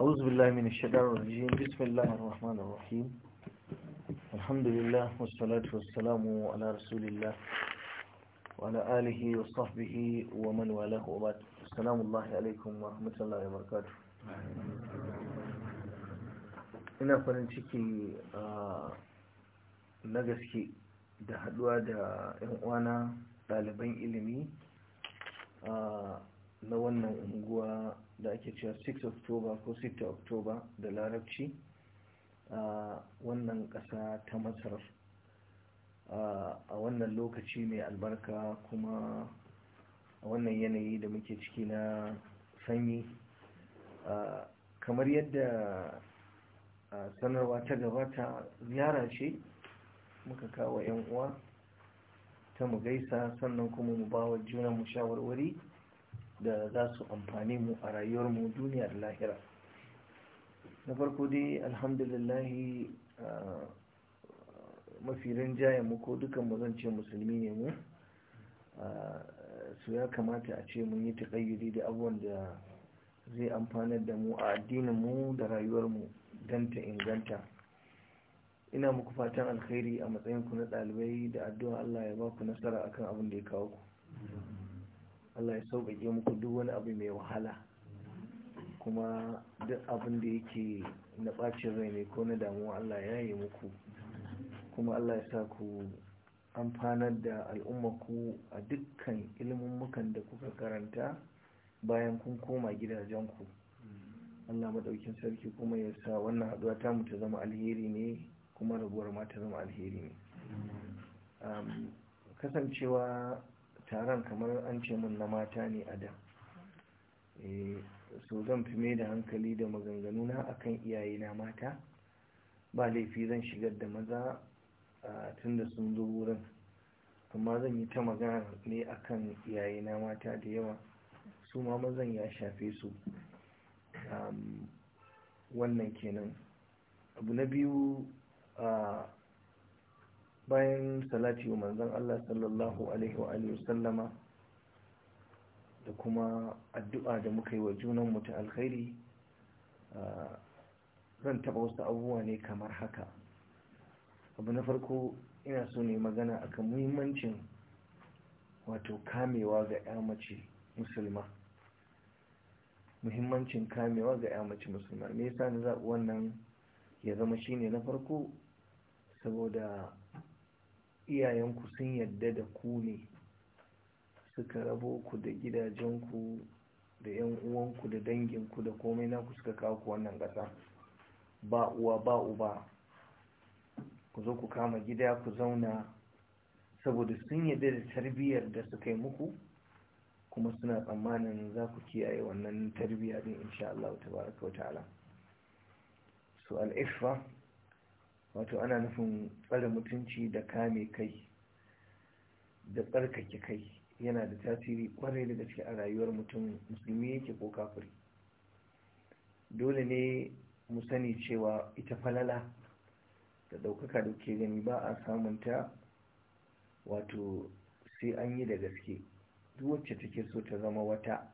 أعوذ بالله من الشيطان الرجيم بسم الله الرحمن الرحيم الحمد لله والصلاة والسلام على رسول الله وعلى آله وصحبه ومن والاه وبعد السلام الله عليكم ورحمة الله وبركاته ina farin ciki na gaske da haduwa da 'yan uwana ɗaliban ilimi na wannan unguwa da ake cewa 6 october ko 6 october da larabci a wannan kasa ta masar a wannan lokaci mai albarka kuma a wannan yanayi da muke ciki na sanyi kamar yadda sanarwa ta gabata ziyara ce muka kawo 'yan uwa ta mu gaisa sannan kuma mu bawa junan juna mu shawarwari da za su amfani mu a rayuwarmu duniya da lahira na farko dai alhamdulillahi mafi jayen mu ko dukan mu zan ce musulmi ne mu su ya kamata a ce mun yi taƙayyuri da abuwan da zai amfanar da mu a addinin mu da rayuwarmu don ta inganta ina muku fatan alkhairi a matsayinku na ɗalibai da addu'a Allah ya ba ku nasara akan abin da ya kawo ku Allah ya sauƙaƙe muku duk wani abu mai wahala kuma duk abin da yake na ɓacin rai ne ko na damuwa Allah ya yi muku kuma Allah ya sa ku amfanar da al'ummaku a dukkan ilmummukan da kuka karanta bayan kun koma gidajenku Allah maɗaukin sarki kuma ya sa wannan haɗuwa ta mu ta zama alheri ne kuma rabuwar ma ta zama alheri ne kasancewa taron kamar an ce mun na mata ne a da eh, so zan fi mai da hankali da maganganu na akan iyaye na mata ba laifi zan shigar da maza tun da sun zo wurin amma zan yi ta magana ne akan iyaye na mata da yawa su ma mazan ya shafe su wannan kenan abu na biyu bayan salati wa manzon Allah sallallahu alaihi wa sallama da kuma addu'a da muka yi wa junan mu ta alkhairi zan taba wasu abubuwa ne kamar haka abu na farko ina so ne magana akan muhimmancin wato kamewa ga ya musulma muhimmancin kamewa ga ya musulma nesa na zaɓi wannan ya zama shine na farko saboda iyayenku sun yadda da ku ne suka rabo ku da gidajenku da 'yan uwanku da danginku da komai na ku suka kawo ku wannan ƙasa ba uwa ba uba ku zo ku kama gida ku zauna saboda sun yadda da tarbiyyar da suka yi muku kuma suna tsammanin za ku kiyaye wannan tarbiyya din insha Allah baraka wa ta'ala su al-iffa wato ana nufin tsare mutunci da kame kai da tsarkake kai yana da tasiri kwarai da gaske a rayuwar mutum musulmi yake ko kafiri dole ne mu sani cewa ita falala da ɗaukaka da ke gani ba a samunta wato sai an yi da gaske duk wacce take so ta zama wata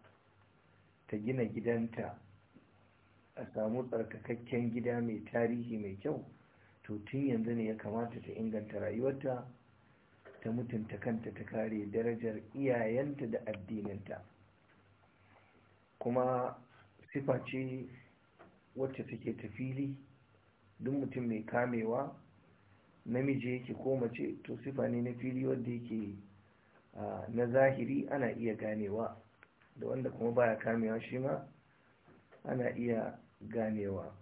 ta gina gidanta a samu tsarkakakken gida mai tarihi mai kyau to tun yanzu ne ya kamata ta inganta rayuwarta ta mutunta kanta ta kare darajar iyayenta da addininta kuma sifa ce wacce ta fili duk mutum mai kamewa namiji yake ko mace to sifa ne na fili wadda yake na zahiri ana iya ganewa da wanda kuma baya kamewa shi ma ana iya ganewa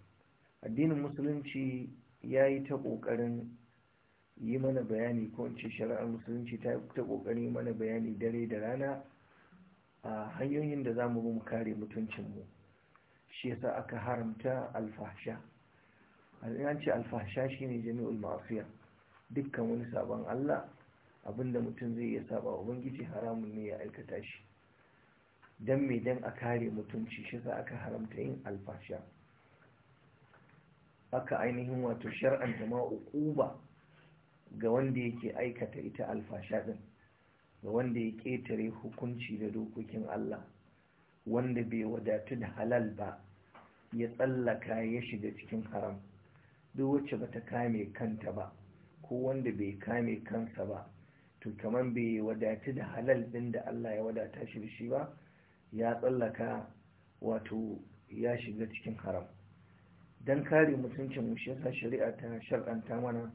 addinin musulunci ya yi ta ƙoƙarin yi mana bayani ko ce shari'ar musulunci ta ta ƙoƙarin yi mana bayani dare da rana a hanyoyin da za mu bi mu kare mutuncinmu shi yasa aka haramta alfahsha an ce alfahsha shine jami'ul ma'asiya dukkan wani sabon Allah abinda mutum zai iya saba wa ubangiji haramun ne ya aikata shi dan me dan a kare mutunci shi yasa aka haramta yin alfahsha aka ainihin wato shar'anta ma ukuba ga wanda yake aikata ita alfasha din ga wanda ya ƙetare hukunci da dokokin Allah wanda bai wadatu da halal ba ya tsallaka ya shiga cikin haram duk wacce bata kame kanta ba ko wanda bai kame kansa ba to kamar bai wadatu da halal din da Allah ya wadata shi shi ba ya tsallaka wato ya shiga cikin haram don kare mutuncin mu shi yasa shari'a ta shar'anta mana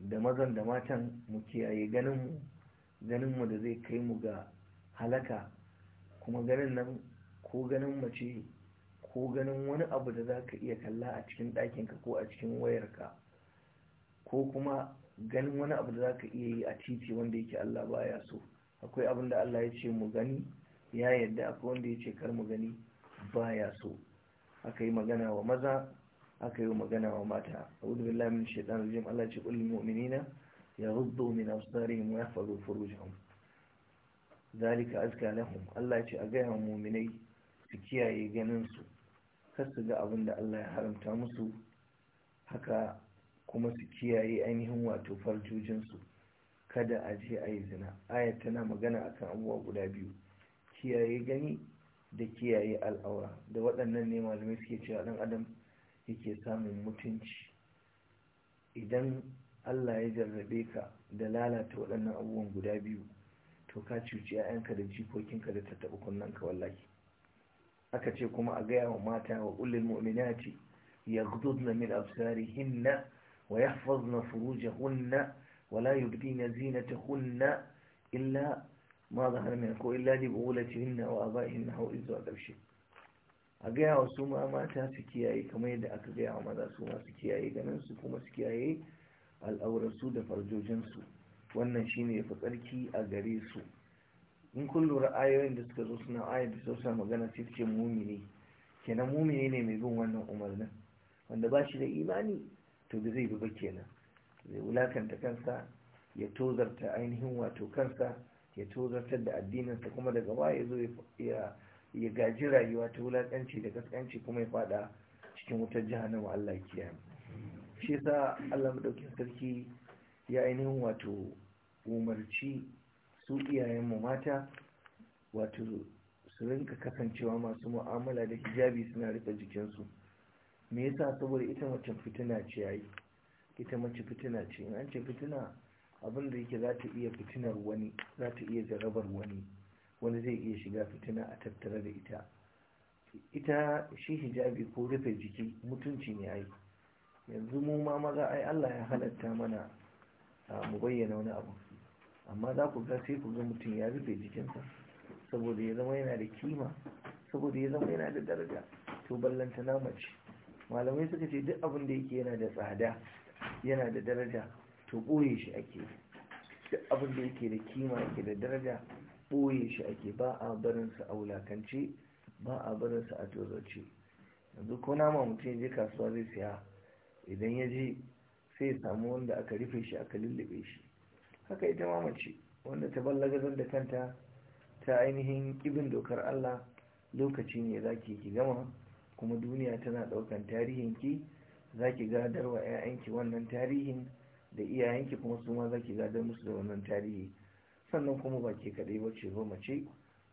da mazan da matan mu kiyaye ganin mu ganin mu da zai kai mu ga halaka kuma ganin nan ko ganin mace ko ganin wani abu da za ka iya kalla a cikin ɗakinka ko a cikin wayarka ko kuma ganin wani abu da za ka iya yi a titi wanda yake Allah baya so akwai abin da Allah ya ce mu gani ya yadda akwai wanda ya ce kar mu gani baya so aka yi magana wa maza aka yi magana wa mata wudu billahi min shaitan rajim Allah ce kullum mu'minina ya ruddu min absarihim wa yahfazu furujahum zalika azka lahum Allah ce a gaya mu'minai su kiyaye ganin su kar su ga abin da Allah ya haramta musu haka kuma su kiyaye ainihin wato farjojin su kada a je a yi zina aya tana magana akan abubuwa guda biyu kiyaye gani da kiyaye al'aura da waɗannan ne malamai suke cewa ɗan adam yake samun mutunci idan allah ya jarrabe ka da lalata waɗannan abubuwan guda biyu to ka cuci 'ya'yanka da jikokinka da ta taɓa kunnanka wallahi aka ce kuma a gaya wa mata wa ƙullin mu'minati ya gududna min absarihinna wa yahfazna furujahunna wa la yubdina zinatahunna illa ma zahar min ko nawa a ba wa aba'ihinna hau izuwa ƙarshe a gaya wa ma mata su kiyaye kamar yadda aka gaya wa maza su ma su kiyaye ganin su kuma su kiyaye al'aurarsu da farjojinsu wannan shine yafi tsarki a gare su in kun ra'ayoyin da suka zo suna ayar da sosa magana sai ce mumini kenan mumini ne mai bin wannan umarnin wanda ba shi da imani to da zai bi ba kenan zai wulakanta kansa ya tozarta ainihin wato kansa ya tozartar da addininsa kuma daga baya ya zo ya gaji rayuwa ta wulaƙanci da kaskanci kuma ya fada cikin wutar jihannama Allah kiyaye shi yasa Allah madaukin sarki ya ainihin wato umarci su iyayen mu mata wato su rinka kasancewa masu mu'amala da hijabi suna rika jikinsu me yasa saboda ita mace fitina ce yayi ita mace fitina ce in an ce fitina abin da yake za ta iya fitinar wani za ta iya jarabar wani wani zai iya shiga fitina a tattare da ita ita shi hijabi ko rufe jiki mutunci ne ai yanzu mu ma maza ai Allah ya halatta mana mu bayyana wani abu amma za ku ga sai ku ga mutum ya rufe jikinsa saboda ya zama yana da kima saboda ya zama yana da daraja to ballanta na mace malamai suka ce duk abin da yake yana da tsada yana da daraja to ɓoye shi ake duk abin da yake da kima yake da daraja ɓoye shi ake ba a barinsa a wulakance ba a barinsa a tozarce yanzu ko nama mutum ya je kasuwa zai siya idan ya je sai ya samu wanda aka rufe shi aka lullube shi haka ita ma mace wanda ta ballagazar da kanta ta ainihin ibin dokar Allah lokaci ne za ki ki gama kuma duniya tana ɗaukan ki, za ki gadarwa 'ya'yanki wannan tarihin da iyayenki kuma su ma zaki gadar musu da wannan tarihi sannan kuma ba ke kaɗai ba ce ba mace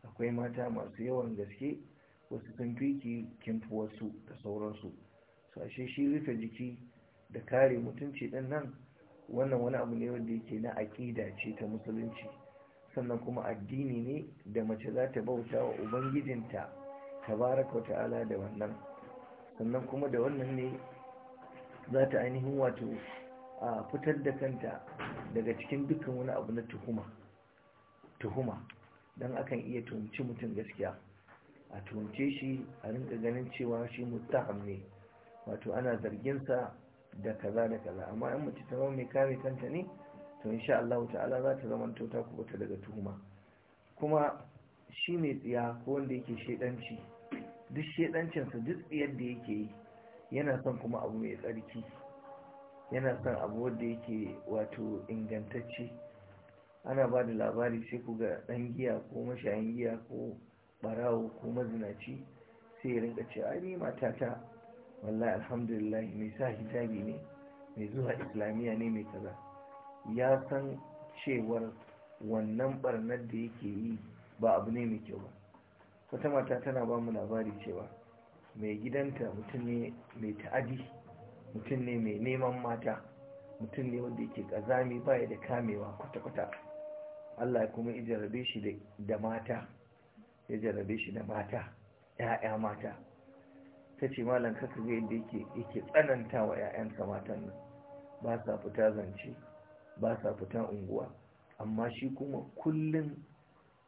akwai mata masu yawan gaske wasu sun fi ki kin fi wasu da sauransu su ashe shi rufe jiki da kare mutunci ɗin nan wannan wani abu ne wanda yake na aƙida ce ta musulunci sannan kuma addini ne da mace za ta bauta wa ubangijinta tabaraka wa ta'ala da wannan sannan kuma da wannan ne za ta ainihin wato a fitar da kanta daga cikin dukkan wani abu na tuhuma tuhuma don akan iya tuhumci mutum gaskiya a tuhumce shi a rinka ganin cewa shi mutaham ne wato ana zarginsa da kaza da kaza amma in mace ta mai kare kanta ne to insha Allah ta'ala za ta zama ta bata daga tuhuma kuma shi ne tsiya ko wanda yake shedanci duk shedancinsa duk tsiyar da yake yi yana son kuma abu mai tsarki yana son abu wanda yake wato ingantacce ana ba da labari sai ku ga ɗan giya ko mashayin giya ko ɓarawo ko mazinaci sai ya rinka ce ai ni matata wallahi alhamdulillah mai sa hijabi ne mai zuwa islamiyya ne mai kaza ya san cewar wannan barnar da yake yi ba abu ne mai kyau ba wata mata tana ba mu labari cewa mai gidanta mutum ne mai ta'adi mutum ne mai neman mata mutum ne wanda yake kazami baya da kamewa kwata-kwata Allah kuma ya jarrabe shi da mata ya jarrabe shi da mata ya'ya mata ta ce malam kaka ga yadda yake tsananta wa 'ya'yansa matan nan ba sa fita zance ba sa fita unguwa amma shi kuma kullum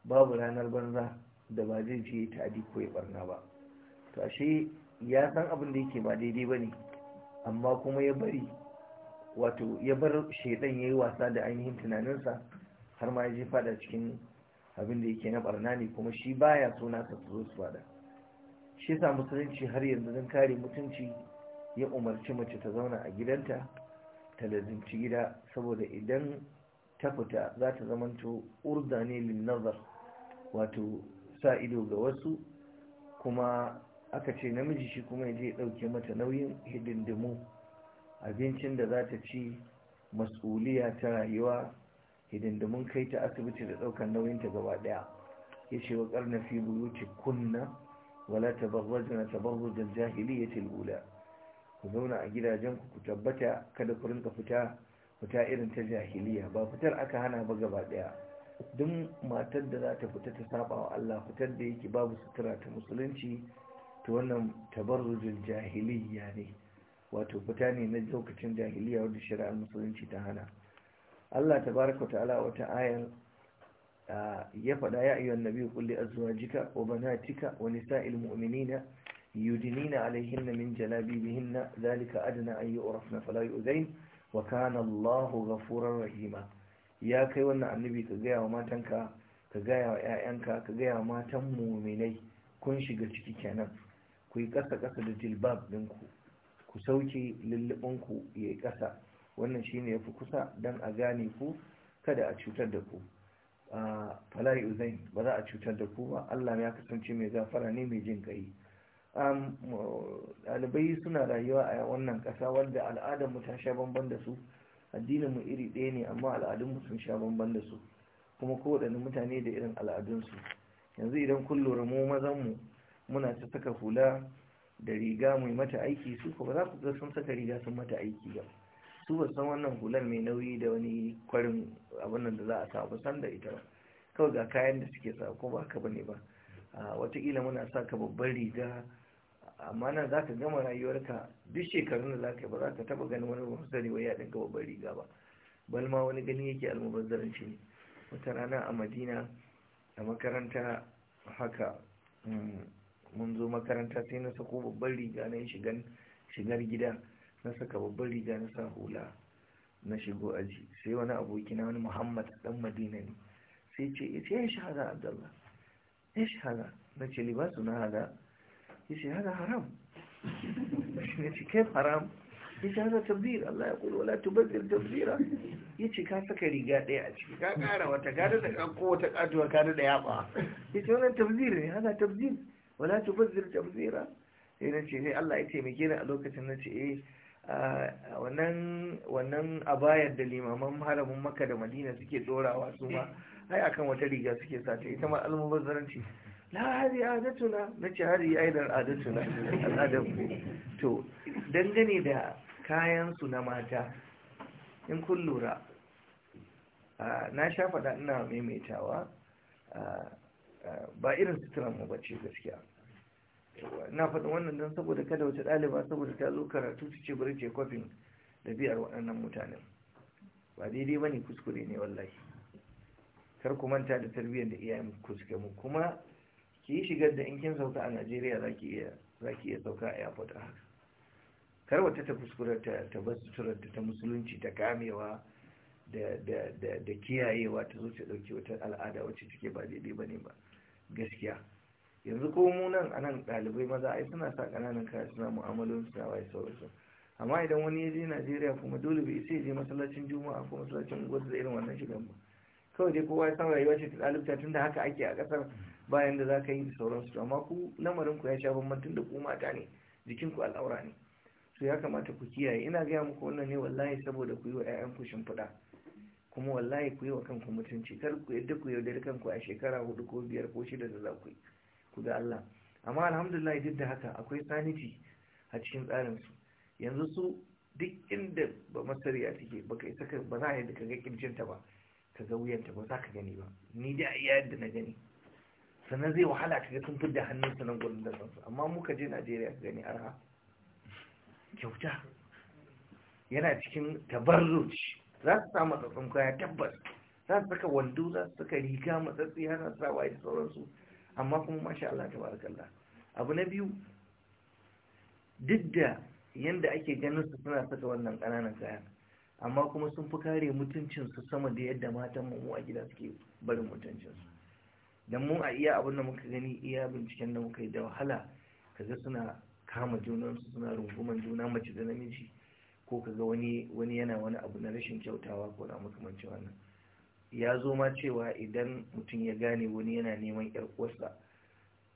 babu ranar banza da ba zai je ta adi ko ya barna ba to ashe ya san abin da yake ba daidai ba ne amma kuma ya bari wato ya bar shaidan ya yi wasa da ainihin tunaninsa har ma ya je fada cikin abin da yake na barna ne kuma shi baya so nasa su zo su fada shi yasa musulunci har yanzu don kare mutunci ya umarci mace ta zauna a gidanta ta lazimci gida saboda idan ta fita za ta zamanto urdani lin nazar wato sa ido ga wasu kuma aka ce namiji shi kuma ya je ɗauke mata nauyin hidindimu abincin da za ta ci masuliya ta rayuwa hidindimun kai ta asibiti da ɗaukar nauyinta gaba ɗaya ya ce wa ƙarna fi buyuti kunna wala tabarrajna tabarrujal jahiliyyatil tilbula ku zauna a gidajen ku tabbata kada ku rinka fita fita irin ta jahiliya ba fitar aka hana ba gaba ɗaya duk matar da za ta fita ta saba wa Allah fitar da yake babu sutura ta musulunci ta wannan tabarrujul jahiliya ne wato fita ne na lokacin jahiliya wadda shari'ar musulunci ta hana Allah tabaraka ta'ala wata ayar ya faɗa ya ayyuhan nabiyyu qul li azwajika wa banatika wa nisa'il mu'minina yudinina alayhinna min jalabibihinna zalika adna an yu'rafna fala yu'zain wa kana Allahu ghafurar rahima ya kai wannan annabi ka gaya wa matanka ka gaya wa 'ya'yanka ka gaya wa matan muminai kun shiga ciki kenan ku yi ƙasa ƙasa da jilbab ɗinku ku sauke lullubinku ya yi ƙasa wannan shi ne ya fi kusa don a gane ku kada a cutar da ku a fala'i uzai ba za a cutar da ku ba allah ya kasance mai zafara ne mai jin kai ɗalibai suna rayuwa a wannan ƙasa wadda al'adar mu ta sha bamban da su addinin mu iri ɗaya ne amma al'adun mu sun sha bamban da su kuma kowaɗanne mutane da irin al'adunsu yanzu idan kun lura mu mazan mu muna ta saka hula da riga mai mata aiki su ba za ku ga sun saka riga sun mata aiki ba su ba san wannan hular mai nauyi da wani kwarin abin da za a samu san da ita ba kawai ga kayan da suke sa ko ba ka bane ba wataƙila muna sa ka babban riga amma nan za ka gama rayuwarka duk shekarun da za ka yi ba za ka taɓa ganin wani musulmi wai ya ɗinka babban riga ba Balma wani gani yake almubazzaranci ne wata rana a madina a makaranta haka mm, mun zo makaranta sai na sako babban riga na yi shigar gida na saka babban riga na sa hula na shigo aji sai wani abokina wani muhammad dan madina ne sai ce sai ya shahada abdallah ya shahada na ce libasu na hada ya ce hada haram ya ce kai haram ya ce hada tabbir Allah ya kula wala tubazzir tabbira ya ce ka saka riga ɗaya a ciki ka ƙara wata gada da ƙanko wata ƙatuwa ka da yaba ya ce wannan tabbir ne haza tabbir wala tubazzir tabzira sai na ce sai Allah ya taimake ni a lokacin na ce eh wannan wannan abayar da limaman haramun Makka da Madina suke dorawa su ma ai akan wata riga suke sata ita ma almubazzaranci la hadi adatuna ce hadi aidar adatuna al'adam to dangane da kayan su na mata in kun lura na sha faɗa ina maimaitawa ba irin suturan mu bace gaskiya na faɗin wannan don saboda kada wata ɗaliba saboda ta zo karatu su ce bari ce kwafin biyar waɗannan mutanen ba daidai ba ne kuskure ne wallahi kar ku manta da tarbiyyar da iyayen kuskure mu kuma ki yi shigar da in kin sauka a najeriya za ki iya sauka a airport a haka kar wata ta kuskure ta ta bar suturar ta musulunci ta kamewa da da kiyayewa ta zo ta ɗauki wata al'ada wacce take ba daidai ba ne ba gaskiya yanzu ko mu nan a nan ɗalibai maza ai suna sa ƙananan kaya suna mu'amalolin suna waye sauransu amma idan wani ya je najeriya kuma dole bai sai je masallacin juma'a ko masallacin gwada da irin wannan shigan ba kawai dai kowa ya san rayuwa ce ta ɗalibta tunda haka ake a ƙasar bayan da za ka yi da sauransu amma ku lamarin ku ya sha bamban tunda ku mata ne jikin ku al'aura ne so ya kamata ku kiyaye ina gaya muku wannan ne wallahi saboda ku yi wa 'ya'yanku shimfiɗa kuma wallahi ku yi wa kanku mutunci kar ku yadda ku yaudari kanku a shekara hudu ko biyar ko shida da za ku yi ku ga Allah amma alhamdulillah duk da haka akwai sanity a cikin tsarin su yanzu su duk inda ba masariya take ka isa ba za a yadda ka ga ta ba ka ga wuyanta ba za ka gani ba ni da iya yadda na gani sannan zai wahala ka ga sun fidda hannun su nan gudun da sansu amma muka je Najeriya ka gani arha kyauta yana cikin tabarruci za su samu tsatsun kaya tabbas za su saka wando za su saka riga matsatsi hana su sa waye da sauransu amma kuma masha Allah ta kalla. abu na biyu duk da yanda ake ganin su suna saka wannan ƙananan kaya amma kuma sun fi kare mutuncinsu sama da yadda matan mu a gida suke barin mutuncinsu don mun a iya abin da muka gani iya binciken da muka yi da wahala kaga suna kama junansu suna runguman juna mace da namiji ko kaga wani wani yana wani abu na rashin kyautawa ko na makamancin wannan ya zo ma cewa idan mutum ya gane wani yana neman yar uwarsa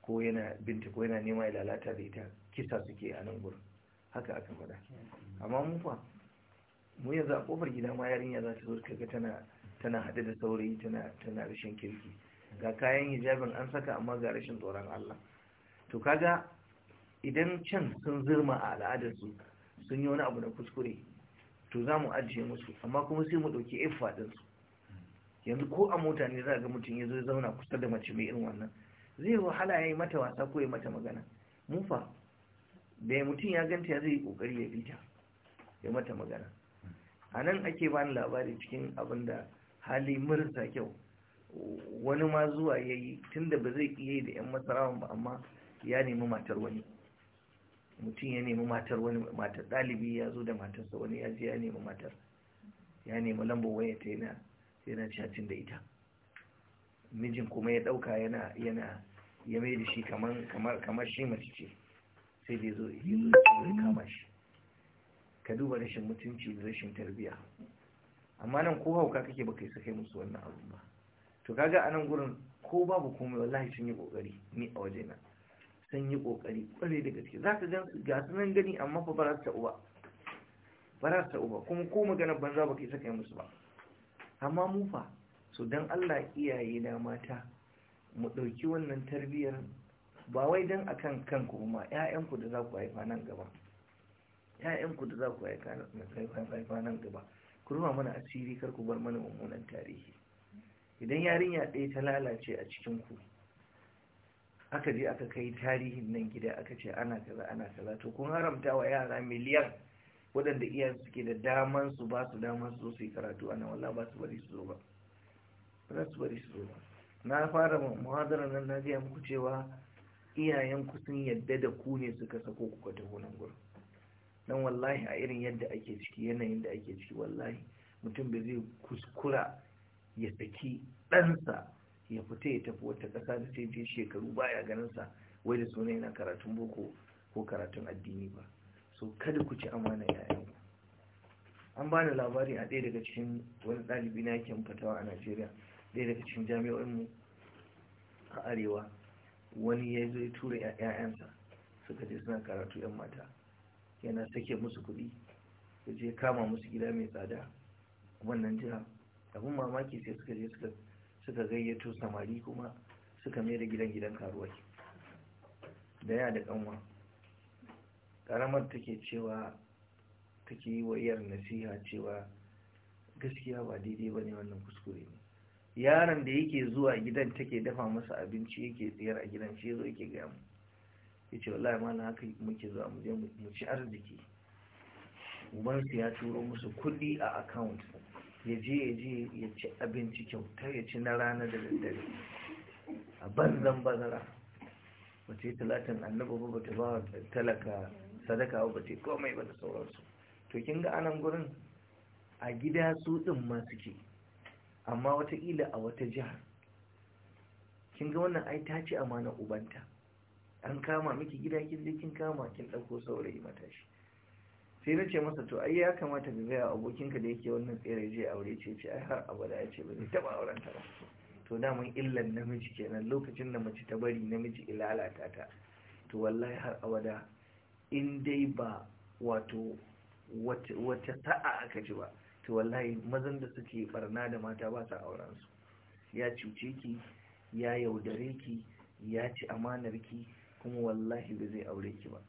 ko yana binta ko yana neman ya lalata da ita kisa suke a nan gurin haka aka faɗa amma mu fa mu yanzu a kofar gida ma yarinya za ta zo kaga tana tana haɗe da saurayi tana tana rashin kirki ga kayan hijabin an saka amma ga rashin tsoron Allah to kaga idan can sun zirma a al'adarsu sun yi wani abu da kuskure to za mu ajiye musu amma kuma sai mu ɗauki iffa ɗinsu yanzu ko a mota ne za ga mutum ya zo zauna kusa da mace mai irin wannan zai wahala ya yi mata wasa ko ya mata magana Mun fa da mutum ya ganta ya zai yi kokari ya bita ya mata magana a nan ake bani labari cikin abin da hali marasa kyau wani ma zuwa ya yi tun ba zai iya yi da 'yan masarawan ba amma ya nemi matar wani mutum ya nemi matar wani matar ɗalibi ya zo da matarsa wani ya je ya nemi matar ya nemi lambar waya ta yana yana chatting da ita mijin kuma ya ɗauka yana yana ya mai da shi kamar kamar kamar shi mace ce sai da zo ya kama shi ka duba rashin mutunci da rashin tarbiyya amma nan ko hauka kake baka yi sakai musu wannan abu ba to kaga anan gurin ko babu komai wallahi sun yi kokari ni a wajena sun yi ƙoƙari ƙware da gaske za ka ga su nan gani amma fa ba ta uba ba ta uba kuma ko magana banza ba kai saka musu ba amma mu fa so dan Allah iyaye na mata mu ɗauki wannan tarbiyyar ba wai dan akan kanku ma ƴaƴanku da za ku haifa nan gaba ƴaƴanku da za ku haifa nan gaba ku rufa mana asiri kar ku bar mana mummunan tarihi idan yarinya ɗaya ta lalace a cikin ku aka je aka kai tarihin nan gida aka ce ana kaza ana kaza to kun haramta wa yara miliyan waɗanda iyayen suke da daman su ba su daman su zo su yi karatu ana wallah ba su bari su zo ba ba su bari su zo ba na fara muhadara nan na gaya muku cewa iyayen ku sun yadda da ku ne suka sako ku ka taho nan gurin dan wallahi a irin yadda ake ciki yanayin da ake ciki wallahi mutum bai zai kuskura ya saki ɗansa ya fita ya tafi wata ƙasa da sai je shekaru baya ganin sa wai da suna yana karatun boko ko karatun addini ba so kada ku ci amana yayan an an bani labari a ɗaya daga cikin wani ɗalibi na yake fatawa a Najeriya ɗaya daga cikin jami'o'in mu a arewa wani ya zo ya tura ‘ya'yansa suka je suna karatu ‘yan mata yana sake musu kuɗi ya je kama musu gida mai tsada wannan jiha abin mamaki sai suka je suka suka gayyato samari kuma suka mai da gidan gidan karuwai da ya da kanwa karamar take cewa take yi wa nasiha cewa gaskiya ba daidai ba ne wannan kuskure ne yaron da yake zuwa gidan take dafa masa abinci yake tsayar a gidan shi zo yake gaya mu ya ce wallahi ma na haka muke zuwa mu je mu ci arziki ubansu ya turo musu kuɗi a account ya je ya je ya ci abinci kyauta ya ci na rana da daddare a banzan bazara ba talatin annaba ba ba ta ba talaka sadaka ba ce komai ba da sauransu to kin ga anan gurin a gida su din ma suke amma watakila a wata jihar kin ga wannan ai ta ci amana ubanta an kama miki gida kin je kin kama kin ɗauko saurayi matashi sai na ce masa to ai ya kamata ka gaya abokinka da yake wannan tsere je aure ce ce ai har abada ya ce ba zai taba auren ta ba to daman illan namiji kenan lokacin da mace ta bari namiji ilalata ta to wallahi har abada in dai ba wato wata sa'a aka ji ba to wallahi mazan da suke barna da mata ba sa auren su ya cuce ki ya yaudare ki ya ci amanar ki kuma wallahi ba zai aure ki ba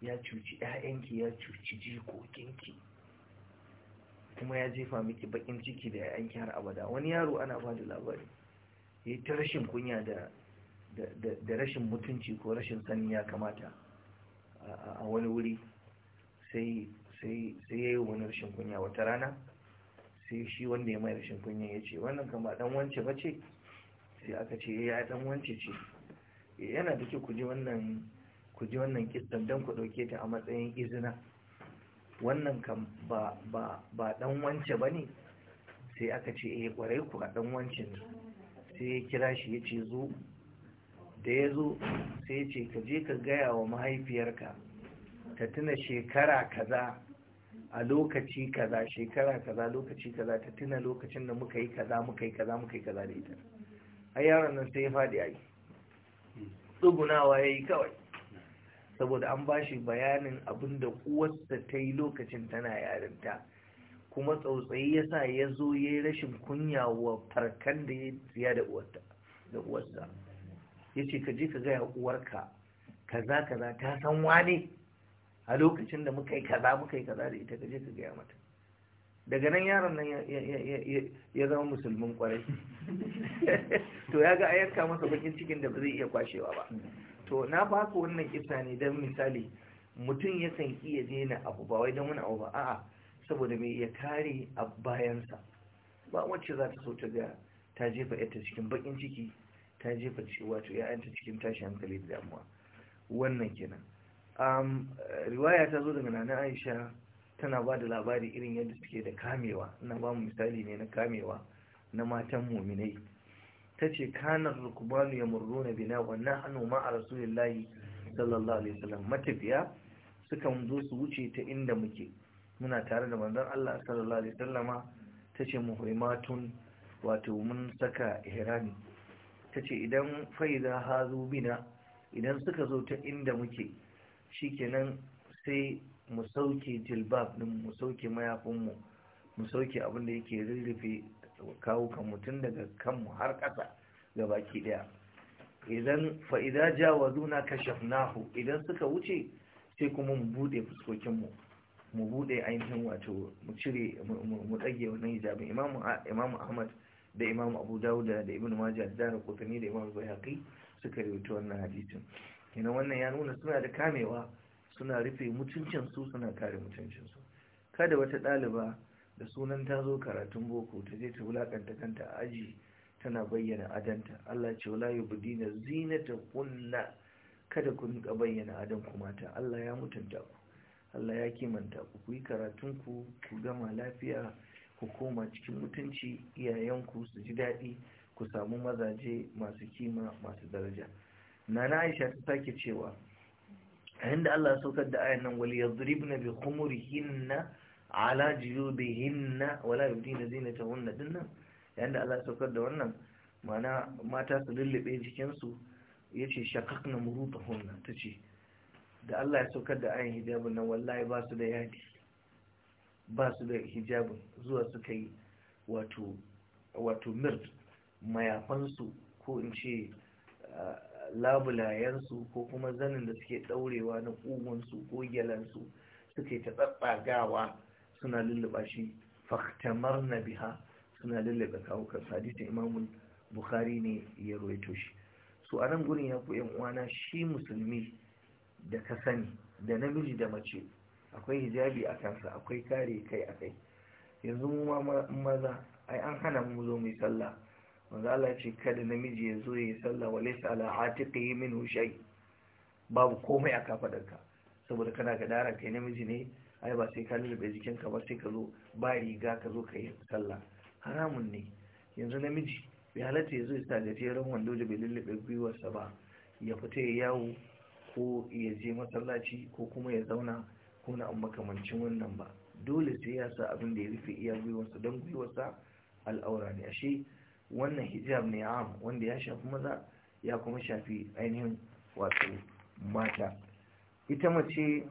ya cuci ‘ya'yanki ya cuci jikokinki kuma ya jefa miki bakin ciki da ‘ya'yanki har abada wani yaro ana bada labari ya ta rashin kunya da rashin mutunci ko rashin sani ya kamata a wani wuri sai ya yi wani rashin kunya wata rana sai shi wanda ya mai rashin kunya ya ce wannan kama dan wance ba ce sai aka ce eh, ya dan wance ce eh, yana da kyau ku ji wannan ku ji wannan kistan don ku ɗauke ta a matsayin izina wannan kan ba ɗan wance ba ne sai aka ce eh kwarai ku a ɗan wancin sai ya kira shi ya ce zo da ya zo sai ya ce ka je ka gaya wa mahaifiyarka ta tuna shekara kaza a lokaci kaza shekara kaza lokaci kaza ta tuna lokacin da muka yi kaza muka yi kaza muka yi kaza da ita a yaron nan sai ya faɗi a tsugunawa ya yi kawai saboda an ba shi bayanin abin da uwarsa ta yi lokacin tana yarinta kuma tsautsayi ya sa ya zo ya yi rashin kunya wa farkan da ya siya da uwarsa ya ce ka je ka gaya uwarka kaza kaza ta san wane a lokacin da muka yi kaza muka yi kaza da ita ka je ka gaya mata daga nan yaron nan ya zama musulmin kwarai to ya ga a yanka masa bakin cikin da ba zai iya kwashewa ba to na baka wannan kisa ne don misali mutum yakan iya daina abu ba wai don wani abu ba a'a saboda mai ya kare a bayansa ba wacce za ta so ta ga ta jefa yata cikin bakin ciki ta jefa wato 'yanta cikin tashi hankali da damuwa wannan kenan riwaya ta zo daga nana aisha tana ba da labari irin yadda suke da kamewa na ba mu misali ne na kamewa na matan muminai ta ce kanar rukubanu ya murru na bina wannan hannu ma a rasulillahi sallallahu alaihi wasallam matafiya suka zo su wuce ta inda muke muna tare da manzon Allah sallallahu alaihi wasallam ta ce muhimmatun wato mun saka ihrami ta ce idan faida hazu bina idan suka zo ta inda muke shi shikenan sai mu sauke jilbab din mu sauke mayafinmu mu sauke abin da yake rurrufe kawo kan mutum daga kanmu har ƙasa ga baki ɗaya idan fa'ida ja wa zuna idan suka wuce sai kuma mu buɗe fuskokinmu mu buɗe ainihin wato mu cire mu ɗage wannan hijabin imamu ahmad da imamu abu Da'uda da ibn majah da dara kotani da imamu bayhaqi suka yi rubuta wannan hadisin ina wannan ya nuna suna da kamewa suna rufe mutuncinsu suna kare mutuncinsu kada wata ɗaliba da sunan ta zo karatun boko ta je ta wulakanta kanta a aji tana bayyana adanta Allah ce wala na zinata kunna kada ku nika bayyana adan ku mata Allah ya mutunta ku Allah ya kimanta ku ku yi karatun ku ku gama lafiya ku koma cikin mutunci iyayenku su ji daɗi ku samu mazaje masu kima masu daraja nana aisha ta sake cewa a inda Allah saukar da ayan nan wal yadribna bi khumurihinna ala jiyubihinna wala yubdina zinatahunna dinnan yayin da Allah ya saukar da wannan mana mata su lullube jikinsu yace shakakna murutahunna tace da Allah ya saukar da ayin hijabin nan wallahi ba su da yadi ba su da hijabin zuwa suka yi wato wato mirt mayafansu ko in ce labulayensu ko kuma zanin da suke daurewa na kugunsu ko gyalansu suke ta tsatsagawa suna lullaba shi faktamar na biha suna lullaba kawukan hadisin imamun bukhari ne ya ruwaito shi su a nan gurin ya ku yan uwana shi musulmi da ka sani da namiji da mace akwai hijabi a kansa akwai kare kai a kai yanzu mu maza ai an hana mu zo mai sallah manzo Allah ce kada namiji ya zo yayi sallah walaysa ala yi min shay babu komai a kafaɗarka. saboda kana ga kai namiji ne ai ba sai ka lulluɓe ka ba sai ka zo ba riga ka zo ka yi sallah haramun ne yanzu namiji bai halatta ya zo ya sa gajeren wando da bai lulluɓe gwiwarsa ba ya fita ya yawo ko ya je masallaci ko kuma ya zauna ko na makamancin wannan ba dole sai ya sa abin da ya rufe iya gwiwarsa don gwiwarsa al'aura ne ashe wannan hijab ne am wanda ya shafi maza ya kuma shafi ainihin wato mata ita mace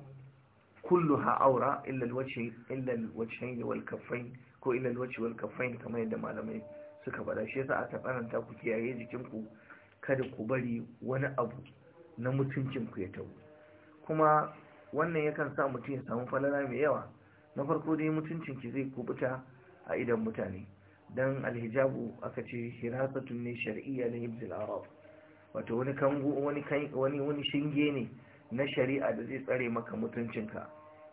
kulluha aura illa alwajhi illa kamar yadda malamai suka faɗa shi yasa aka tsananta ku kiyaye jikinku kada ku bari wani abu na mutuncinku ya tau kuma wannan yakan sa mutum ya samu falala mai yawa na farko dai mutuncinki zai kubuta a idan mutane don alhijabu aka ce hirasatun ne shari'iyya na hibzil arab wato wani wani wani shinge ne na shari'a da zai tsare maka mutuncinka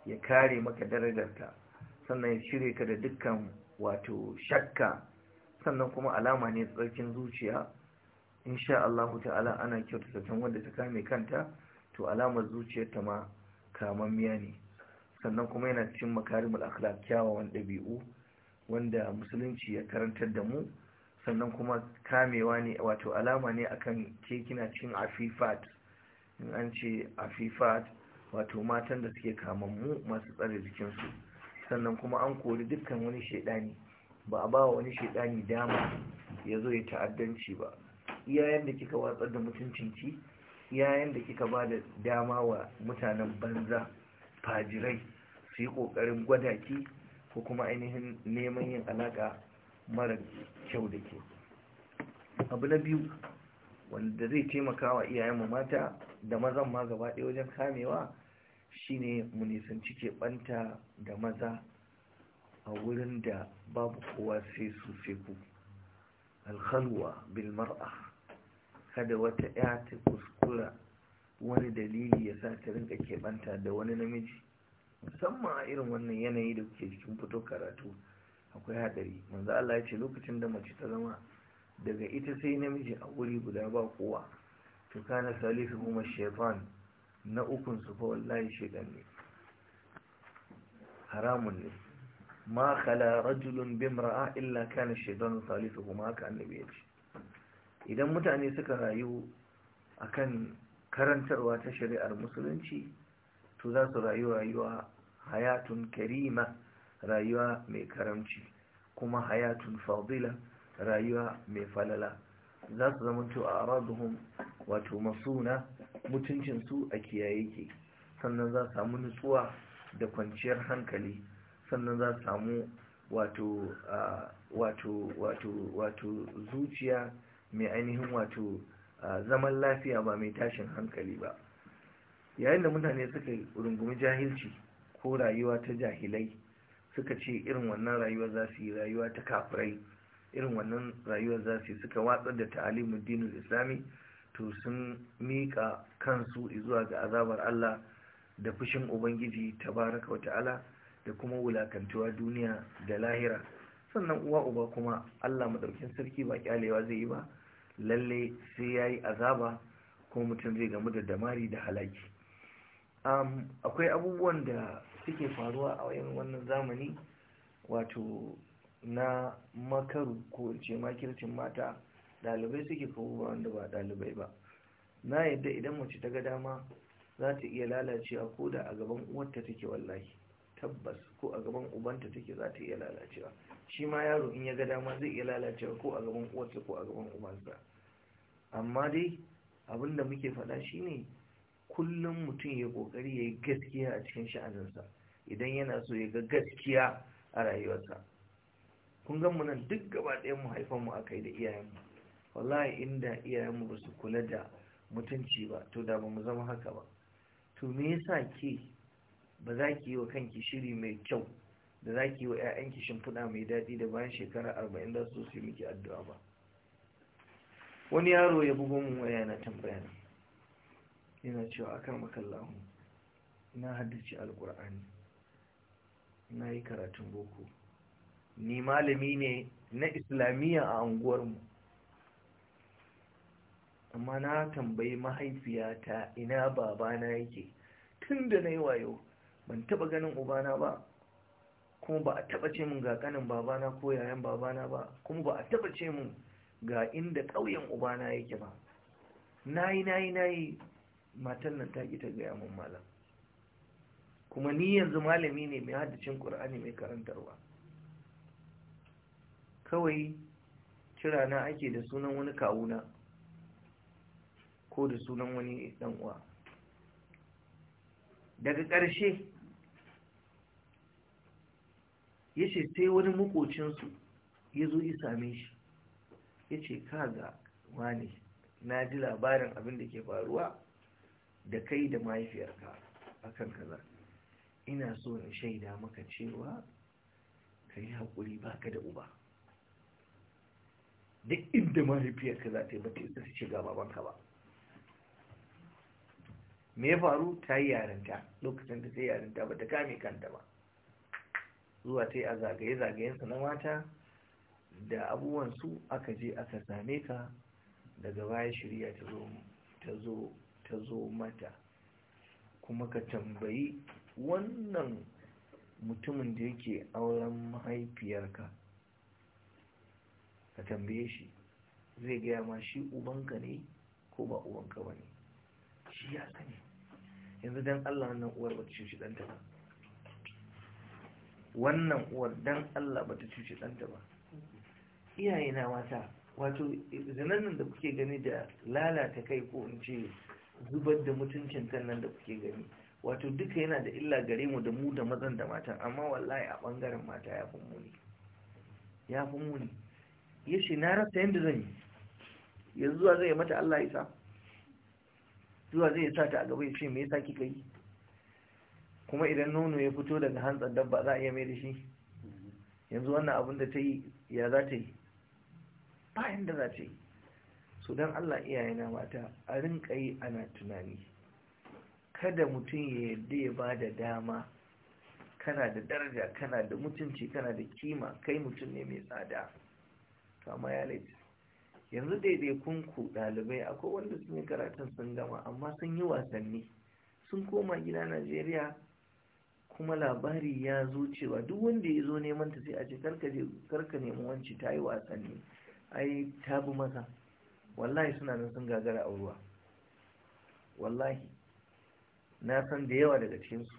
ya kare maka darajarka sannan ya shirya ka da dukkan wato shakka sannan kuma alama ne tsarkin zuciya insha Allah ta'ala ana kyautata can wanda ta kame kanta to alamar zuciyarta ma kamammiya ne sannan kuma yana cikin makarimul akhlaq kyawawan ɗabi'u wanda musulunci ya karantar da mu sannan kuma kamewa ne wato alama ne akan kekina cikin afifat in an ce afifat wato matan da suke mu masu tsare jikinsu sannan kuma an kori dukkan wani shaidani ba a ba wani shaidani dama ya zo ya ta'addanci ba iyayen da kika watsar da mutuncinki iyayen da kika ba da dama wa mutanen banza fajirai su yi ƙoƙarin gwada ki ko kuma ainihin neman yin alaƙa mara kyau da ke abu na biyu wanda zai taimaka wa iyayen mata da mazan ma gaba ɗaya wajen kamewa shine mu nisanci keɓanta da maza a wurin da babu kowa sai su sai ku alhalwa bilmar'a kada wata ya ta kuskura wani dalili ya sa ta rinka keɓanta da wani namiji musamman a irin wannan yanayi da kuke cikin fito karatu akwai hadari manzo Allah ya ce lokacin da mace ta zama daga ita sai namiji a wuri guda ba kowa to kana salisu kuma Shefan na ukun su fa wallahi shaitan ne haramun ne ma khala rajulun bi mar'a illa kana shaitan salisu kuma haka annabi ya ce idan mutane suka rayu a akan karantarwa ta shari'ar musulunci to za su rayu rayuwa hayatun karima rayuwa mai karamci kuma hayatun fadila rayuwa mai falala za su zama to a araduhum wato masuna mutuncinsu a kiyaye ke sannan za su samu nutsuwa da kwanciyar hankali sannan za su samu wato wato wato wato zuciya mai ainihin wato zaman lafiya ba mai tashin hankali ba yayin da mutane suka rungumi jahilci ko rayuwa ta jahilai suka ce irin wannan rayuwa za su yi rayuwa ta kafirai irin wannan rayuwar zasu suka watsar da ta'alimin dinin islami to sun mika kansu zuwa ga azabar Allah da fushin ubangiji tabaraka wa ta'ala da kuma wulakantuwa duniya da lahira sannan uwa uba kuma Allah madaukin sarki ba kyalewa zai yi ba lalle sai yayi azaba ko mutum zai gamu da damari da halaki um, akwai abubuwan da suke faruwa a wayan wannan zamani wato na makaru ko ce makircin mata dalibai suke kawo ba wanda ba dalibai ba na yadda idan mace ta ga dama za ta iya lalacewa ko da a gaban uwarta take wallahi tabbas ko a gaban ubanta take za ta iya lalacewa shi ma yaro in ya ga dama zai iya lalacewa ko a gaban uwarta ko a gaban ubansa amma dai abin da muke faɗa shine kullum mutum ya kokari ya yi gaskiya a cikin sha'aninsa idan yana so ya ga gaskiya a rayuwarsa kun gan munan duk gaba ɗayan mu haifan mu akai da iyayen mu wallahi inda iyayen mu ba su kula da mutunci ba to da ba mu zama haka ba to me yasa ke ba za ki yi wa kanki shiri mai kyau da za ki yi wa 'ya'yanki shimfiɗa mai daɗi da bayan shekara arba'in za su yi miki addu'a ba wani yaro ya bugo mu waya na tambaya yana cewa a akan makallahu na haddace Alƙur'ani. na yi karatun boko ni malami ne na islamiyya a anguwarmu amma na tambayi mahaifiyata ina babana yake tun da na yi wayo ban taba ganin ubana ba kuma ba a taba ce mun ga kanin babana ko yayan babana ba kuma ba a taba ce mun ga inda ƙauyen ubana yake ba nayi nayi nayi matan nan ta ƙi ta gaya mun malam kuma ni yanzu malami ne mai haddacin ƙur'ani mai karantarwa kawai kira na ake da sunan wani kawuna ko da sunan wani uwa. daga ƙarshe ya ce sai wani makocinsu ya zo yi same shi ya ce kaga ne, na ji labarin abin da ke faruwa da kai da mahaifiyarka kan kaza ina so na shaida maka cewa ka yi haƙuri baka da uba duk inda mahaifiyarka za ta yi bata isa su shiga babanka ba me ya faru ta yi yarinta lokacin da ta yi yarinta ba ta kame kanta ba zuwa ta yi a zagaye zagayen su na mata da su aka je aka same ka daga baya shirya ta zo mata kuma ka tambayi wannan mutumin da yake auren mahaifiyarka ka tambaye shi zai gaya ma shi ubanka ne ko ba ubanka ba ne shi ya sani yanzu don allah wannan uwar ba ta cuci ɗanta ba wannan uwar don allah ba ta cuci ɗanta ba iyaye na mata wato zanannan da kuke gani da lalata kai ko in ce zubar da mutuncin kan nan da kuke gani wato duka yana da illa gare mu da mu da mazan da matan amma wallahi a bangaren mata ya fi muni ya fi muni ya ce na rasa yadda zan yi yanzu zuwa zai mata Allah isa zuwa zai sa ta a gaba ya ce me yasa kika yi kuma idan nono ya fito daga hantsar dabba za a iya mai da shi yanzu wannan abin da ta yi ya za ta yi Ba yadda za ta yi su don Allah yana mata a rinka yi ana tunani kada mutum ya yadda ya ba da dama kana da daraja kana da mutunci kana da kima kai mutum ne mai tsada kama ya laifi yanzu daidai kun ku ɗalibai akwai wanda sun yi karatun sun gama amma sun yi wasanni sun koma gida najeriya kuma labari ya zo cewa duk wanda ya zo neman ta sai a ce karka nemi wanci ta yi wasanni ai ta bi masa wallahi suna nan sun gagara a ruwa wallahi na san da yawa daga cikinsu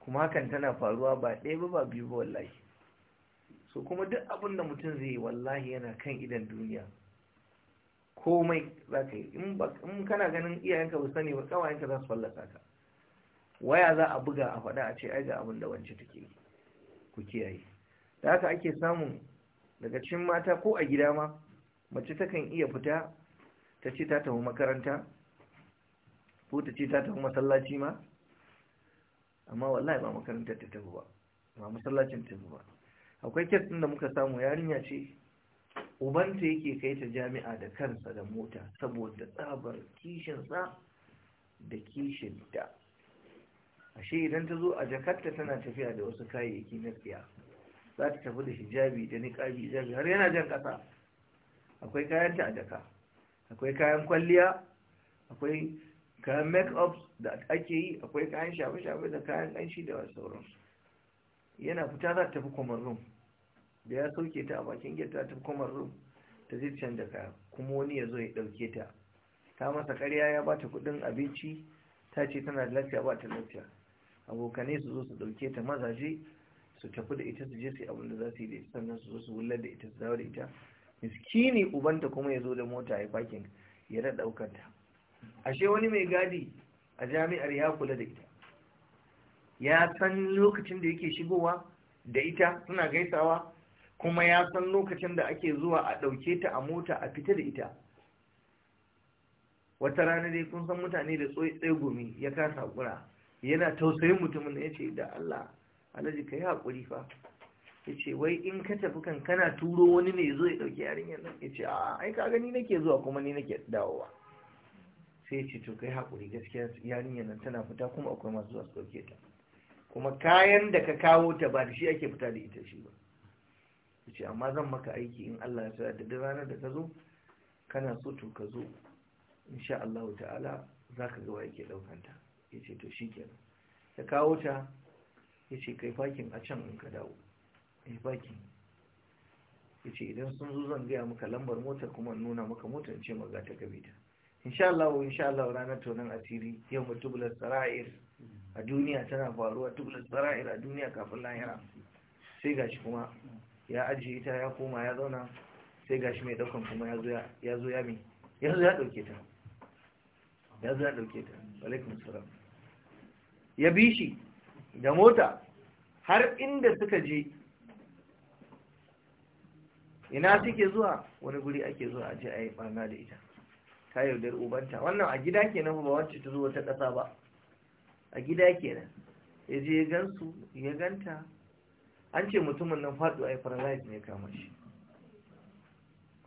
kuma hakan tana faruwa ba ɗaya ba ba biyu ba wallahi to kuma duk abin da mutum zai yi wallahi yana kan idan duniya komai za ka yi in kana ganin iyayenka ba sani ba kawayenka za su fallasa ka waya za a buga a faɗa a ce ai ga abin da wance take ku kiyaye da haka ake samun daga cikin mata ko a gida ma mace takan iya fita ta ce ta tafi makaranta ko ta ce ta tafi masallaci ma amma wallahi ba makarantar ta tafi ba ba masallacin tafi ba akwai kes ɗin da muka samu yarinya ce ubanta yake kai ta jami'a da kansa da mota saboda tsabar kishinsa da kishinta ashe idan ta zo a jakarta tana tafiya da wasu kayayyaki na tsiya za ta tafi da hijabi da niƙabi jami har yana jan ƙasa akwai kayanta a jaka akwai kayan kwalliya akwai kayan make-ups da ake yi akwai kayan shafe-shafe da kayan ƙanshi da sauransu yana fita za ta tafi common rum da ya sauke ta a bakin gida ta tafi common rum ta zai canza kaya kuma wani ya zo ya ɗauke ta ta masa karya ya ba ta kuɗin abinci ta ce tana da lafiya ba ta lafiya abokanai su zo su ɗauke ta mazaje su tafi da ita su je su abin da za su yi da ita sannan su zo su wullar da ita su dawo da ita miskini ubanta kuma ya zo da mota ya fakin ya ɗaukar ta ashe wani mai gadi a jami'ar ya kula da ita ya san lokacin da yake shigowa da ita suna gaisawa kuma ya san lokacin da ake zuwa a ɗauke ta a mota a fita da ita wata rana dai kun san mutane da tsoye gumi ya kasa kura yana tausayin mutumin da ya ce da Allah alaji ka yi haƙuri fa ya ce wai in ka tafi kan kana turo wani ne zo ya ɗauki yarinyar nan ya ce a ai ka gani nake zuwa kuma ni nake dawowa sai ya ce to kai haƙuri gaskiya yarinyar nan tana fita kuma akwai masu zuwa su ɗauke ta kuma kayan da ka kawo ta ba da shi ake fita da ita shi ba ce amma zan maka aiki in Allah ya sa da ranar da ka zo kana so to ka zo insha Allah ta'ala za ka ga yake ɗaukanta ya ce to shi kenan ya kawo ta ya ce kai fakin a can in ka dawo Kai fakin ya ce idan sun zo zan gaya maka lambar motar kuma nuna maka motar ce maza ta gabe ta insha Allah insha Allah ranar tonan asiri yau mutubular sara'ir a duniya tana faruwa tuklas bara'ir a duniya kafin lahira sai gashi kuma ya ajiye ita ya koma ya zauna sai gashi mai daukan kuma ya zo ya mai ya zo ya dauke ta ya zo ya dauke ta alaikun tsara ya bi shi da mota har inda suka je ina suke zuwa wani guri ake zuwa a je a yi barna da ita ta yaudar ubanta wannan a gida ke nan ba wacce ta zo wata ƙasa ba a gida kenan ya je ya gansu ya ganta an ce mutumin nan faduwa ya faralaji ne kama shi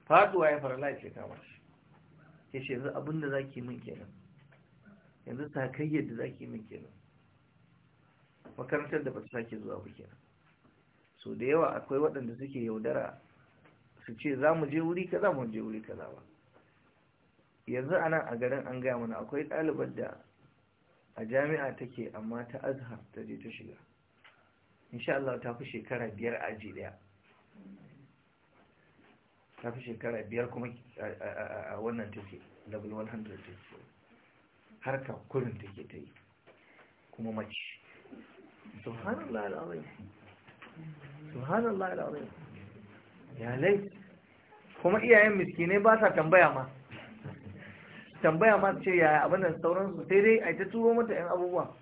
faduwa ya faralaji ya kama shi ya ce yanzu abinda za ki min kenan yanzu takayyar da za ki min kenan makarantar da ba ta sake zuwa ba kenan so da yawa akwai waɗanda suke yaudara su ce za mu je wuri kaza mu je wuri kaza ba yanzu a nan a garin an gaya mana akwai ɗalibar da a jami'a take amma ta azhar ta je ta shiga insha Allah ta fi shekara biyar a aji daya ta fi shekara biyar kuma a wannan take level 100 take harka kurin take ta yi kuma mace subhanallah al'azim subhanallah al'azim ya lai kuma iyayen miskinai ba sa tambaya ma tambaya ma ce yaya abin nan sauransu sai dai a ta turo mata yan abubuwa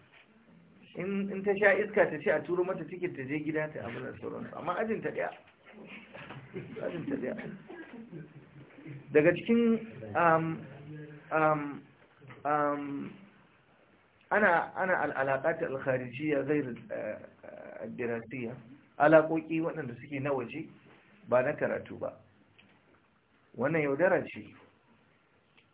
in ta sha iska ta ce a turo mata cikin ta je gida ta abin nan sauransu amma ajin ta daya daya daga cikin um, um, um, ana ana al'alaƙat zai kharijiyya ghairu eh, ad alaƙoƙi waɗanda suke na waje ba na karatu ba wannan yaudara ce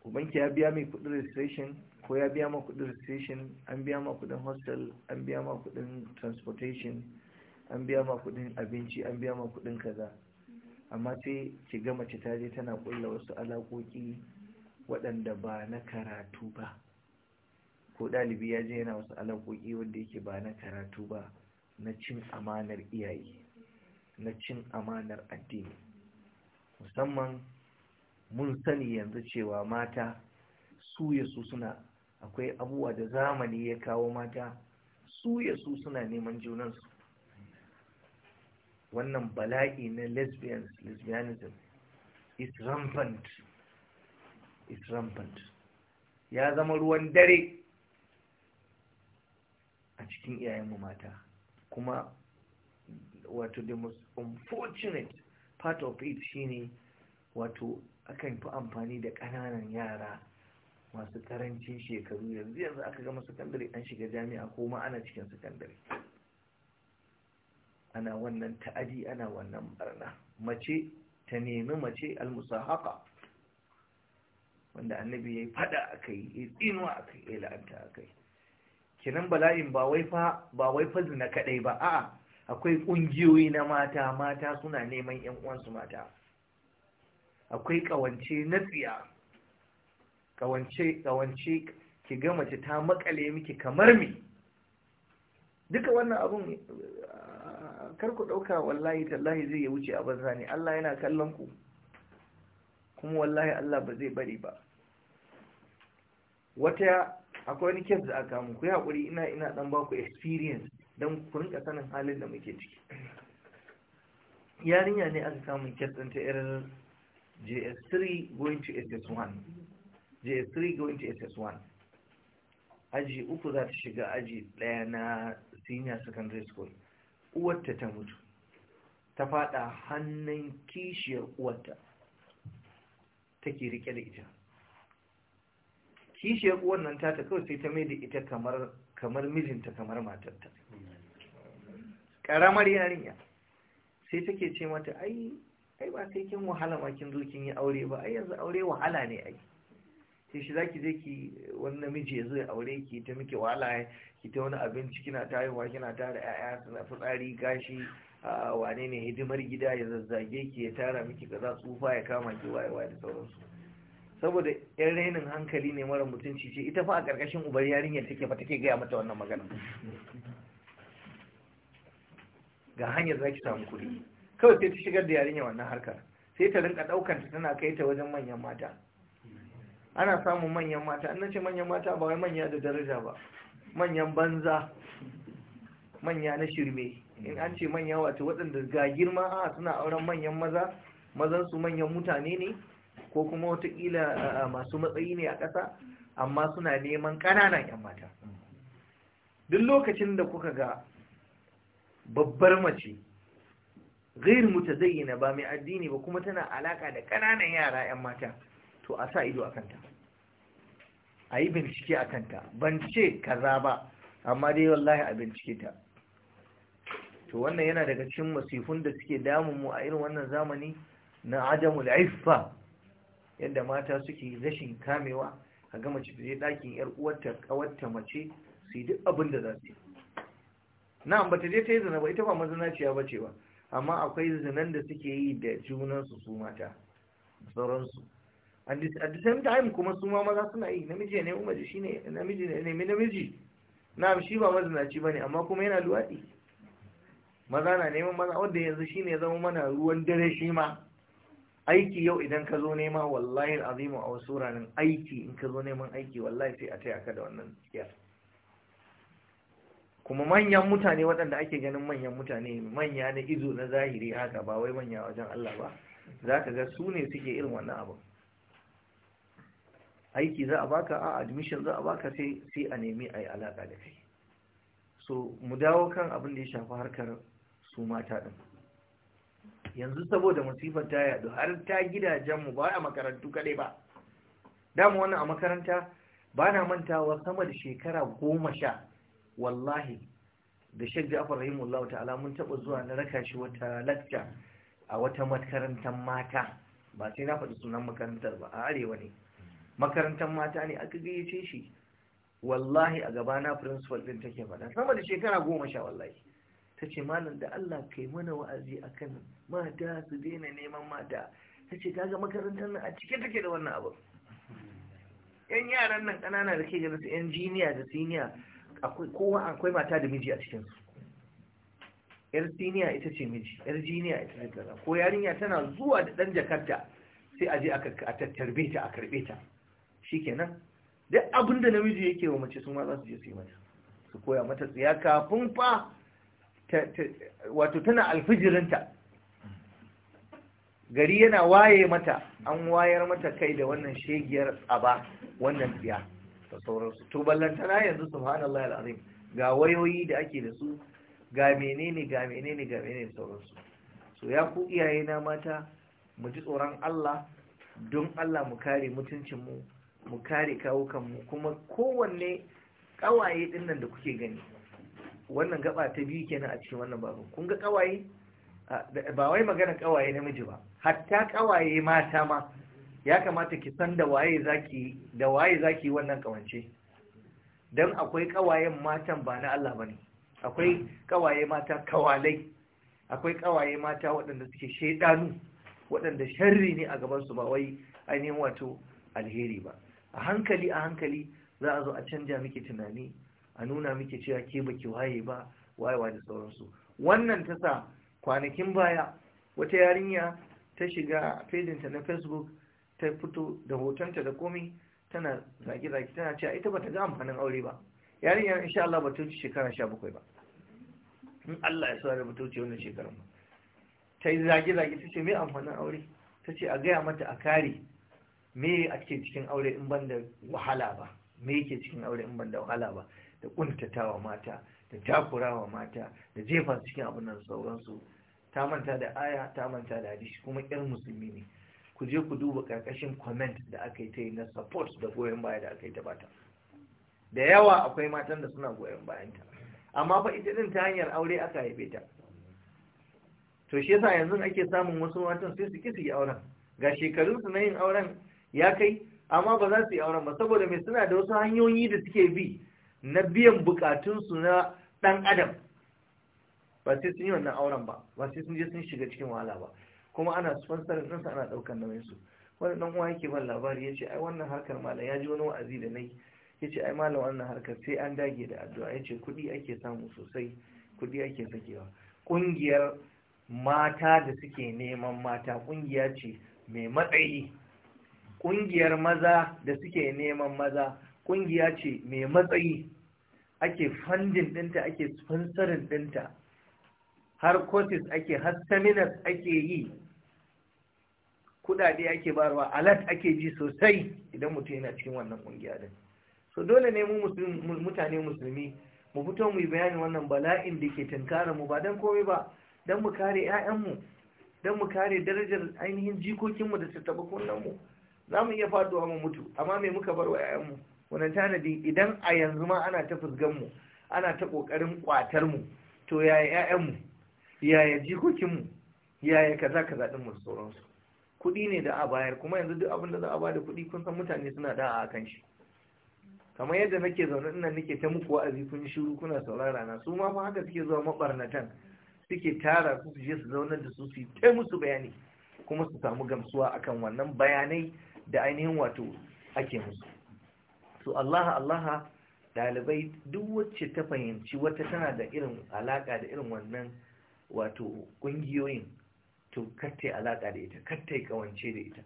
ubanki ya biya mai kudin registration ko ya biya ma kudin registration an biya ma kudin hostel an biya ma kudin transportation an biya ma kudin abinci an biya ma kudin kaza amma sai ki ga mace ta je tana kulla wasu alaƙoƙi waɗanda ba na karatu ba ko ɗalibi ya je yana wasu alakoki wanda yake ba na karatu ba na cin amanar iyaye na cin amanar addini musamman mun sani yanzu cewa mata su ya su suna akwai abubuwa da zamani ya kawo mata su ya su suna neman junansu wannan bala'i na lesbians lesbianism is rampant is rampant ya zama ruwan dare a cikin iyayenmu mata kuma wato the most unfortunate part of it shine wato akan fi amfani da ƙananan yara masu ƙarancin shekaru yanzu yanzu aka gama sakandare an shiga jami'a ko ma ana cikin sakandare ana wannan ta'adi ana wannan barna mace ta nemi mace almusahaka wanda annabi ya yi fada aka yi ya tsinuwa aka yi la'anta aka yi kinan bala'in ba wai fa zina kadai ba a'a akwai ƙungiyoyi na mata mata suna neman 'yan uwansu mata akwai ƙawance na tsiya ƙawance ki ga mace ta makale miki kamar mi duka wannan abun ah, kar ku ɗauka wallahi tallahi zai ya wuce a banza ne Allah yana kallon ku kuma wallahi Allah ba zai bari ba wata akwai wani kes da aka mu ku haƙuri ina ina dan ba ku experience don ku rinka sanin halin da muke ciki yarinya ne aka samun kes ɗin ta irin JS3 going to SS1 JS3 going to SS1 aji uku za ta shiga aji ɗaya na senior secondary school uwarta ta mutu ta faɗa hannun kishiyar uwarta take rike da ita kishiyar uwar nan ta ta kawai sai ta mai da ita kamar kamar mijinta kamar matarta mm. ƙaramar yarinya sai take ce mata ai Kai ba kai kin wahala ma kin zo kin yi aure ba ai yanzu aure wahala ne ai sai shi zaki je ki wani namiji ya zo ya aure ki ta miki wahala ki ta wani abinci kina tayowa kina tara ƴaƴa suna fitsari gashi wane ne hidimar gida ya zazzage ki ya tara miki kaza tsufa ya kama ki waye waye da sauransu saboda yan rainin hankali ne mara mutunci ce ita fa a ƙarƙashin ubar yarinya take fa take gaya mata wannan magana ga hanyar zaki samu kuɗi kawai sai ta shigar da yarinya wannan harkar sai ta rinka ɗaukar ta tana kai ta wajen manyan mata ana samun manyan mata an nace manyan mata ba wai manya da daraja ba manyan banza manya na shirme in an ce manya wato waɗanda ga girma a suna auren manyan maza mazan su manyan mutane ne ko kuma watakila masu matsayi ne a ƙasa amma suna neman ƙananan 'yan mata duk lokacin da kuka ga babbar mace addini ba kuma tana da غير yara 'yan mata, to a sa ido a kanta. A yi bincike a kanta, ban ce أكنتا ba amma dai wallahi a bincike ta. to wannan yana daga cikin masifun da suke damun mu a irin wannan zamani na adamul Aifa, yadda mata suke rashin kamewa a gama ci ɗakin yar uwarta kawarta mace su yi duk abin da za su yi na'am bata je ta yi zina ba ita ba ciya ba ce ba amma akwai zinan da suke yi da junansu su mata sauransu a the same time kuma su ma maza suna yi namiji ne umarci shi ne namiji ne nemi namiji na shi ba mazinaci ba ne amma kuma yana luwaɗi maza na neman maza wanda yanzu shine ne zama mana ruwan dare shi ma aiki yau idan ka zo nema wallahi azimu a wasu ranar aiki in ka zo neman aiki wallahi sai a taya ka da wannan tsiyar kuma manyan mutane waɗanda ake ganin manyan mutane manya na ido na zahiri haka ba wai manya wajen Allah ba za ka ga su ne suke irin wannan abin aiki za a baka a admission za a baka sai sai a nemi a yi alaƙa da kai so mu dawo kan abin da ya shafi harkar su mata ɗin yanzu saboda masifar ta yadu har ta gidajenmu ba a makarantu kaɗai ba dama wannan a makaranta ba na mantawa sama da shekara goma sha wallahi da shek ja'far rahimullahu ta'ala mun taba zuwa na raka shi wata lacca a wata makarantar mata ba sai na faɗi sunan makarantar ba a arewa ne makarantar mata ne aka gayyace shi wallahi a gabana principal din take faɗa sama da shekara goma sha wallahi ta ce malam da Allah kai mana wa'azi akan mata su daina neman mata ta ce kaga makarantar nan a cike take da wannan abu yan yaran nan ƙanana da ke ganin su injiniya da siniya akwai kowa akwai mata da miji a cikin su yar siniya ita ce miji yar jiniya ita ce kaza ko yarinya tana zuwa da dan jakarta sai a je a tattarbe ta a karbe ta shikenan duk abin da namiji yake wa mace su ma za su je su yi mata su koya mata tsiya kafin fa wato tana alfijirinta gari yana waye mata an wayar mata kai da wannan shegiyar tsaba wannan tsiya da sauransu to ballantana yanzu subhanallah alazim ga wayoyi da ake da su ga menene ga menene ga menene sauransu so ya ku iyaye na mata mu ji tsoron Allah don Allah mu kare mutuncin mu mu kare kawukan mu kuma kowanne kawaye din da kuke gani wannan gaba ta biyu kenan a cikin wannan babu kun ga kawaye ba wai magana kawaye namiji ba hatta kawaye mata ma ya kamata ki san da waye zaki da waye zaki wannan kawance dan akwai kawayen matan ba na Allah bane akwai kawaye mata kawalai akwai kawaye mata waɗanda suke shaidanu waɗanda sharri ne a gaban su ba wai ainihin wato alheri ba a hankali a hankali za a zo a canja miki tunani a nuna miki cewa ke baki waye ba wayewa da sauransu wannan ta sa kwanakin baya wata yarinya ta shiga fejinta na facebook ta fito da hotonta da komi tana zage-zage tana cewa ita ba ta ga amfanin aure ba yarinyar insha Allah ba ta wuce shekara sha bakwai ba in Allah ya saurara ba ta wuce wannan shekarar ba ta yi zage-zage ta ce me amfanin aure ta ce a gaya mata a kare me ke cikin aure in ban da wahala ba me yake cikin aure in ban da wahala ba da kuntatawa mata da takurawa mata da jefa cikin abin nan sauransu ta manta da aya ta manta da hadisi kuma 'yan musulmi ne ku je ku duba karkashin comment da aka yi ta yi na support da goyon baya da aka yi ta bata da yawa akwai matan da suna goyon bayanta amma fa ita din ta hanyar aure aka haife ta to shi yasa yanzu ake samun wasu matan sai su ki auren ga shekarun su na yin auren ya kai amma ba za su yi auren ba saboda mai suna da wasu hanyoyi da suke bi na biyan bukatun su na dan adam ba sai sun yi wannan auren ba ba sai sun je sun shiga cikin wahala ba kuma ana sponsorin ɗinsa ana ɗaukar nauyin su wani ɗan uwa yake ban labari yace ai wannan harkar malam ya ji wani wa'azi da nayi ya ce ai malam wannan harkar sai an dage da addu'a yace ce kuɗi ake samu sosai kuɗi ake sakewa kungiyar mata da suke neman mata ƙungiya ce mai matsayi ƙungiyar maza da suke neman maza ƙungiya ce mai matsayi ake funding ɗinta ake sponsoring ɗinta har courses ake har seminars ake yi kudade ake barwa alat ake ji sosai idan mutum yana cikin wannan kungiya din so dole ne mu mutane musulmi mu fito mu bayani wannan bala'in da ke tunkara mu ba don komai ba don mu kare 'ya'yanmu don mu kare darajar ainihin jikokinmu da tattaba kunnenmu za mu iya faduwa mu mutu amma me muka bar wa 'ya'yanmu wannan tanadi idan a yanzu ma ana ta mu ana ta kokarin kwatar mu, to yaya 'ya'yanmu yaya jikokinmu yaya kaza kaza ɗin mu sauransu kuɗi ne da a bayar kuma yanzu duk abin da za a bada kuɗi kun san mutane suna da a kan shi kamar yadda nake zaune ina nake ta muku wa'azi kun shiru kuna saurara na su ma fa haka suke zuwa mabarnatan suke tara su su je su zaunar da su su ta musu bayani kuma su samu gamsuwa akan wannan bayanai da ainihin wato ake musu to allaha allaha ɗalibai duk wacce ta fahimci wata tana da irin alaka da irin wannan wato ƙungiyoyin to kattai alaƙa da ita kattai kawance da ita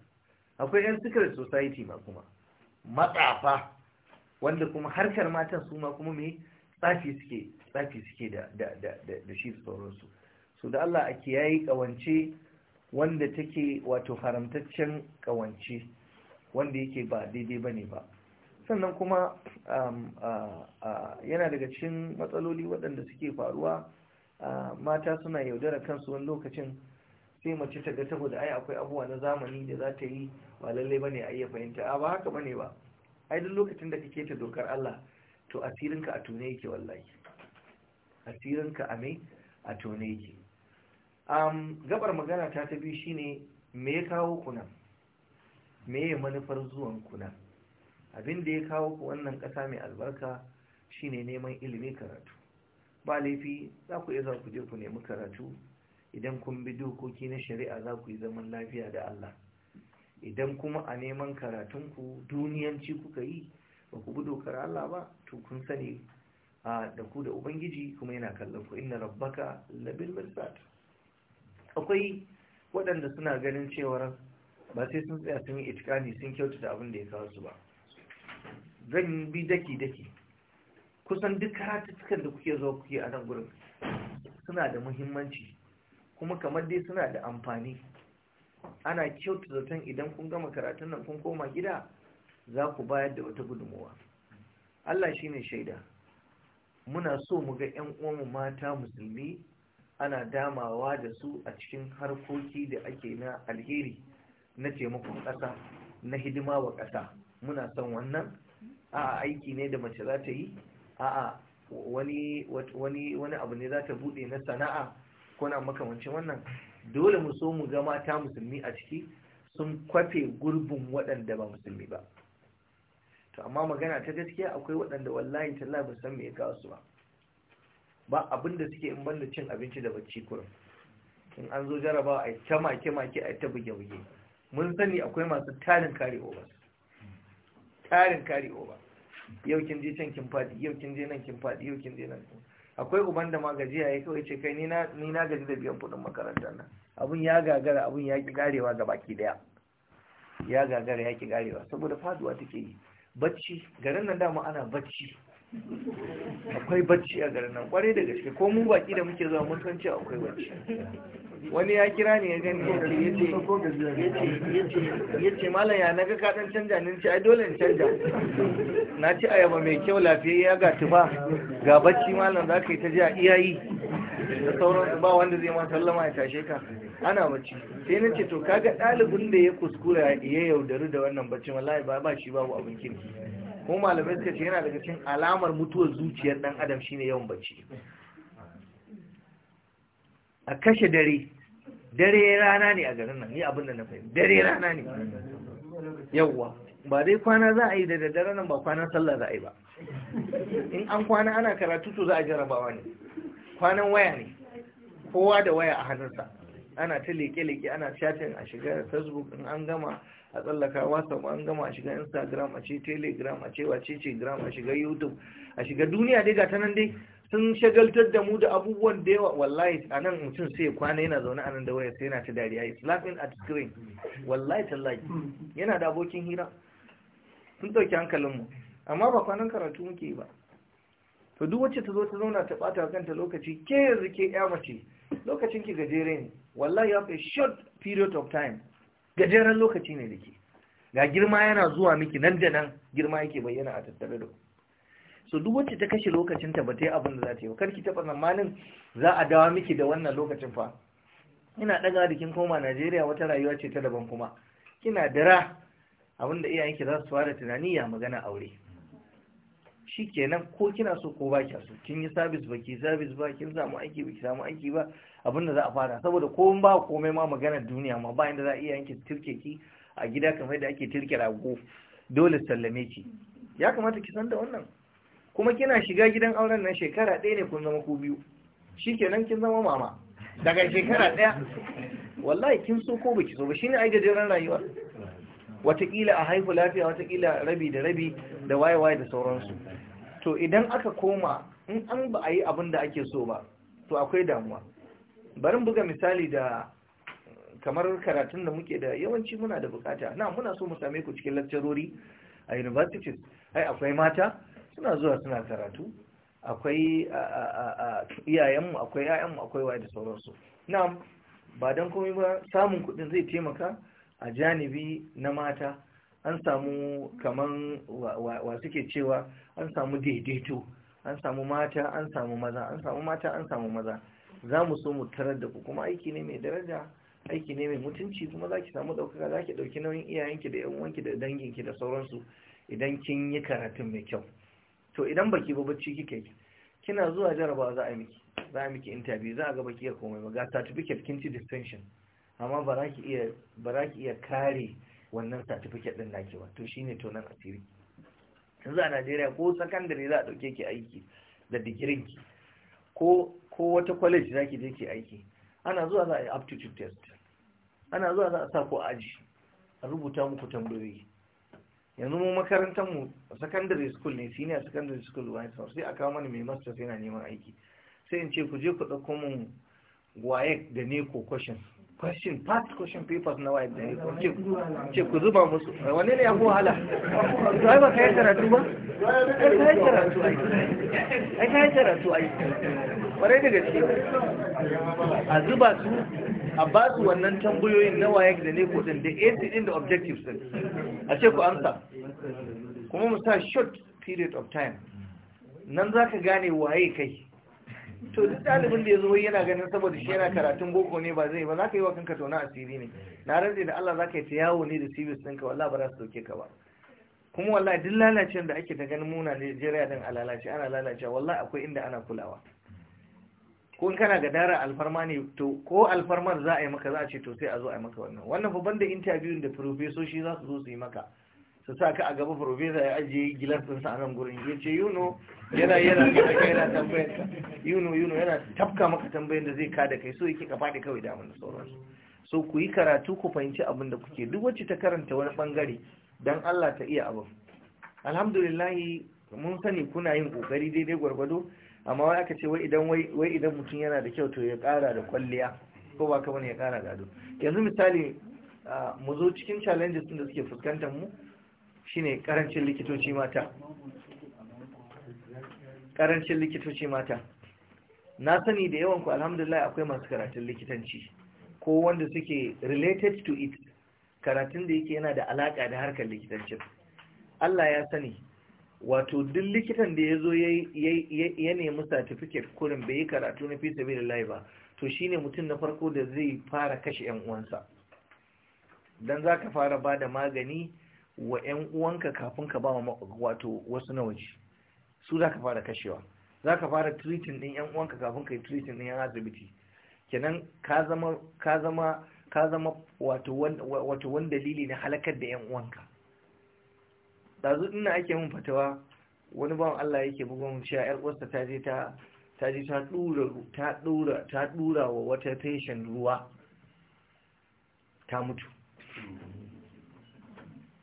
akwai 'yan secret society ma kuma matsafa wanda kuma harkar matan su ma kuma mai tsafi suke tsafi suke da shi sauransu so da Allah a yayi kawance wanda take wato haramtaccen kawance wanda yake ba daidai ba ne ba sannan kuma um, yana daga cikin matsaloli waɗanda suke faruwa mata suna yaudara kansu wani lokacin sai mace ta ga saboda ai akwai abubuwa na zamani da za ta yi ba lallai ba ne a iya fahimta a ba haka ba ne ba ai duk lokacin da kake ta dokar Allah to asirinka a tone yake wallahi asirinka a mai a tone yake um, gabar magana ta ta biyu shine me ya kawo ku nan me ya manufar zuwan kuna abin da ya kawo ku wannan kasa mai albarka shine neman ilimi karatu ba laifi za ku iya za ku je ku nemi karatu idan kun bi dokoki na shari'a za ku yi zaman lafiya da Allah idan kuma a neman karatunku duniyanci kuka yi ba ku bi dokar Allah ba to kun sani A da ku da ubangiji kuma yana kallon ku inna rabbaka labil mirsad akwai waɗanda suna ganin cewar ba sai sun tsaya sun yi itikani sun kyautata abin da ya kawo su ba zan bi daki daki kusan duk karatuttukan da kuke zuwa kuke a nan gurin suna da muhimmanci kuma kamar dai suna da amfani ana kyautu zaton idan kun gama karatun nan kun koma gida za ku bayar da wata gudunmuwa Allah shi ne shaida muna so mu ga 'yan uwanmu mata musulmi ana damawa da su a cikin harkoki da ake na alheri na taimakon ƙasa na hidima wa ƙasa muna son wannan a aiki ne da mace za ta yi a wani abu ne za ta buɗe na sana'a ko na makamancin wannan dole mu so mu ga mata musulmi a ciki sun kwafe gurbin waɗanda ba musulmi ba to amma magana ta gaskiya akwai waɗanda wallahi tallahi ba san me ya kawo su ba ba abin da suke in banda cin abinci da bacci kurum in an zo jaraba a ta make make a ta buge buge mun sani akwai masu tarin kare oba tarin kare oba yau kin je can kin fadi yau kin je nan kin fadi yau kin je nan kin akwai uban da ma gajiya ya kawai ce kai ni na gaji da biyan kudin makarantar nan abun ya gagara abun ya ki garewa ga baki daya ya gagara ya ki garewa saboda faduwa take yi bacci garin nan dama ana bacci akwai bacci a garin nan kwarai da gaske ko mun baki da muke zuwa mun san cewa akwai bacci wani ya kira ne ya gani ya ce ya ce ya ce, malam ya naga ka dan canja ne ce ai dole canja na ci ayaba mai kyau lafiyayya ga tuba ga bacci malam za ka yi ta ji a iyayi da sauran ba wanda zai ma sallama ya tashe ka ana bacci sai na ce to kaga ɗalibin da ya kuskura ya yaudari da wannan bacci wallahi ba ba shi babu abin kirki ko malamai suka ce yana daga cikin alamar mutuwar zuciyar dan adam shine yawan bacci a kashe dare dare rana ne a garin nan ni abin da na fahimta dare rana ne yawwa ba dai kwana za a yi da daddare nan ba kwanan sallah za a yi ba in an kwana ana karatu to za a jarabawa ne kwanan waya ne kowa da waya a hannunsa ana ta leke-leke ana chatting a shiga facebook in an gama a tsallaka whatsapp an gama a shiga instagram a ce telegram a ce wace ce gram a shiga youtube a shiga duniya dai ga ta nan dai sun shagaltar da mu da abubuwan da yawa wallahi a nan mutum sai ya kwana yana zaune a nan da waya sai yana ta dariya is slapping at screen wallahi tallahi yana da abokin hira sun ɗauki hankalinmu amma ba kwanan karatu muke ba to duk wacce ta zo ta zauna ta ɓata kanta lokaci ke yanzu ke ya mace lokacin ki gajere ne wallahi ya fi short period of time gajeren lokaci ne da ke ga girma yana zuwa miki nan da nan girma yake bayyana a tattare da so duk wacce ta kashe lokacin ba ta yi abin da za ta yi kar ki taɓa tsammanin za a dawo miki da wannan lokacin fa ina daga da kin koma Najeriya wata rayuwa ce ta daban kuma kina dira Abinda iyayen ki za su fara tunani ya magana aure shi kenan ko kina so ko ba kya so kin yi sabis ba ki sabis ba kin samu aiki ba ki samu aiki ba abin da za a fara saboda ko ba komai ma maganar duniya ma bayan da za a iya yanke tirke ki a gida kamar da ake tirke rago dole sallame ki ya kamata ki san da wannan kuma kina shiga gidan auren nan shekara ɗaya ne kun zama ku biyu shikenan kin zama mama daga shekara ɗaya wallahi kin so ko baki so ba shine ai gajeren rayuwa watakila a haihu lafiya watakila rabi da rabi da waye-waye da sauransu to idan aka koma in an ba a yi abin da ake so ba to akwai damuwa barin buga misali da kamar karatun da muke da yawanci muna da bukata na muna so mu same ku cikin lakcarori a universities ai akwai mata suna zuwa suna karatu akwai iyayenmu akwai yayanmu akwai waye da sauransu na ba don komai ba samun kudin zai taimaka a janibi na mata an samu kaman wa suke cewa an samu daidaito an samu mata an samu maza an samu mata an samu maza za mu so mu tarar da ku kuma aiki ne mai daraja aiki ne mai mutunci kuma za ki samu ɗaukaka za ki ɗauki nauyin iyayenki da yan uwanki da danginki da sauransu idan kin yi karatun mai kyau to idan baki ba bacci kike yi kina zuwa jaraba za a miki za a miki interview za a ga baki komai ba ga certificate kin ci distinction amma ba za ki iya kare wannan certificate din naki ba to shine to nan asiri yanzu a Najeriya ko sakandare za a dauke ki aiki da digirin ki ko ko wata college zaki je ki aiki ana zuwa za a yi aptitude test ana zuwa za a sa ko aji a rubuta muku tambayoyi yanzu mu makarantar mu secondary school ne senior secondary school wani sai a kawo mana mai masters yana neman aiki sai in ce ku je ku ɗauko mun waye da ne ko questions question past question papers na waye da ce ku zuba musu "Wani ne ya fi wahala ba ka yi karatu ba ka yi karatu ai ka karatu ai kwarai da gaske a zuba su a ba su wannan tambayoyin na waye da ne kudin da aids din da objectives din a ce ku amsa kuma mu sa short period of time nan za ka gane waye kai to duk ɗalibin da ya zo yana ganin saboda shi yana karatun boko ne ba zai ba za ka yi wa kanka tona asiri ne na rantsi da Allah za ka yi ta yawo ne da sibis ɗinka wallah ba za su dauke ka ba kuma wallah duk lalacewar da ake ta ganin muna Najeriya din a lalace ana lalacewa wallah akwai inda ana kulawa ko in kana ga dara alfarma ne to ko alfarmar za a yi maka za a ce to sai a zo a yi maka wannan wannan fa banda interview da profesoshi za su zo su yi maka su sa ka a gaba professor ya ajiye gilas ɗinsa a nan gurin ya ce you yana yana yana yana tambayar ka yuno yuno yana tafka maka tambayar da zai kada kai so yake ka faɗi kawai da abin sauransu so ku yi karatu ku fahimci abin da kuke duk wacce ta karanta wani bangare dan Allah ta iya abin alhamdulillah mun sani kuna yin kokari daidai gwargwado amma wai aka ce wai idan wai idan mutum yana da kyau to ya kara da kwalliya ko ba ka bane ya kara da yanzu misali mu zo cikin challenges din da suke fuskantar mu shine karancin likitoci mata karancin likitoci mata na sani da yawan ku alhamdulillah akwai masu karatun likitanci ko wanda suke related to it karatun da yake yana da alaka da harkar likitanci. Allah ya sani wato duk likitan da ya zo ya nemi certificate kurin bai yi karatu na fi sabilillahi ba to shine mutum na farko da zai fara kashe yan uwansa dan zaka fara bada magani wa yan uwanka kafin ka ba wato wasu na waje su za ka fara kashewa za ka fara treating ɗin yan uwanka kafin ka yi treating ɗin yan asibiti kenan ka zama ka zama ka zama wato wani dalili na halakar da yan uwanka dazu ina ake mun fatawa wani bawan Allah yake bugun cewa yar uwarsa ta je ta ta je ta dura ta dura ta dura wa wata patient ruwa ta mutu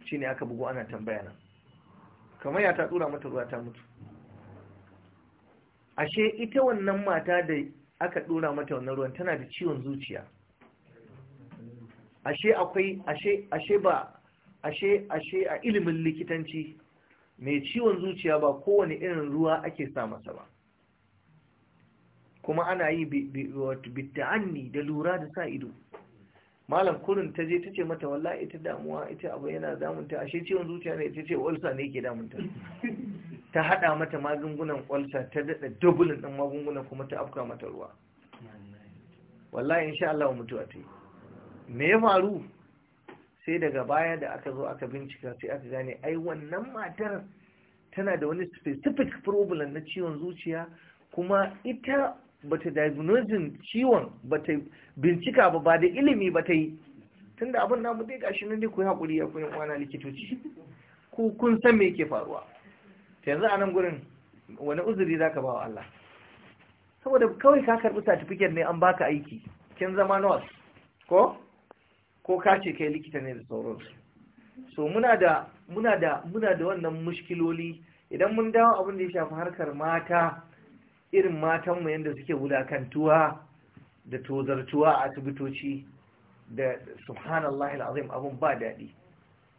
shine aka bugu ana tambaya nan? kamar ya ta dura mata ruwa ta mutu ashe ita wannan mata da aka dora mata wannan ruwan tana da ciwon zuciya ashe akwai ashe ashe ba ashe ashe a ilimin likitanci mai ciwon zuciya ba kowane irin ruwa ake sa masa ba kuma ana yi bitta'anni da lura da sa ido malam kurin ta je ta ce mata wallahi ita damuwa ita abu yana damunta ashe ciwon zuciya ne ita ce ulsa ne ke damunta ta hada mata magungunan kwalta ta dada dubulin din magungunan kuma ta afka mata ruwa wallahi insha Allah mutuwa ta yi me ya faru sai daga baya da aka zo aka bincika sai aka gane ai wannan matar tana da wani specific problem na ciwon zuciya kuma ita bata diagnosis ciwon bata bincika ba ba da ilimi ba ta yi tunda abin namu dai gashi nan dai ku yi hakuri ya ku kwana likitoci ku kun san me yake faruwa yanzu a nan gurin wani uzuri za ka ba wa Allah saboda kawai ka karɓi certificate ne an baka aiki kin zama nurse ko ko ka ce kai likita ne da sauran so muna da wannan mushkiloli idan mun dawo abin da ya shafi harkar mata irin matanmu yadda suke wulakantuwa da tozartuwa a asibitoci da subhanallah al'azim abin ba daɗi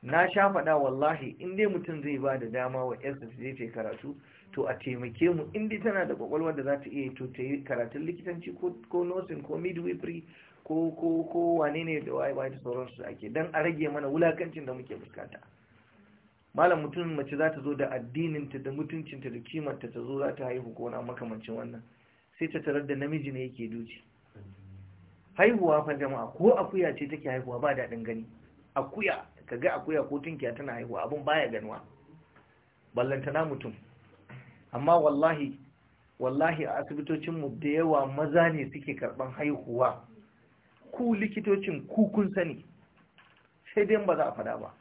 na sha faɗa wallahi in mutum zai ba da dama wa ƴarsa ta je ta karatu to a taimake mu inda tana da kwakwalwar da za ta iya to ta yi karatun likitanci ko nursing ko midwifery ko ko ko wane ne da waye waye da sauransu ake dan a rage mana wulakancin da muke fuskanta malam mutum mace za ta zo da addinin ta da mutuncinta da kimanta ta zo za ta haihu ko na makamancin wannan sai ta tarar da namiji ne yake duci haihuwa fa jama'a ko akuya ce take haihuwa ba daɗin gani akuya ka ga akuya kotun kiya tana haihuwa abin baya ganuwa ballantana mutum amma wallahi wallahi a asibitocin mu da yawa maza ne suke karban haihuwa ku likitocin ku kun sani sai dai ba za a fada ba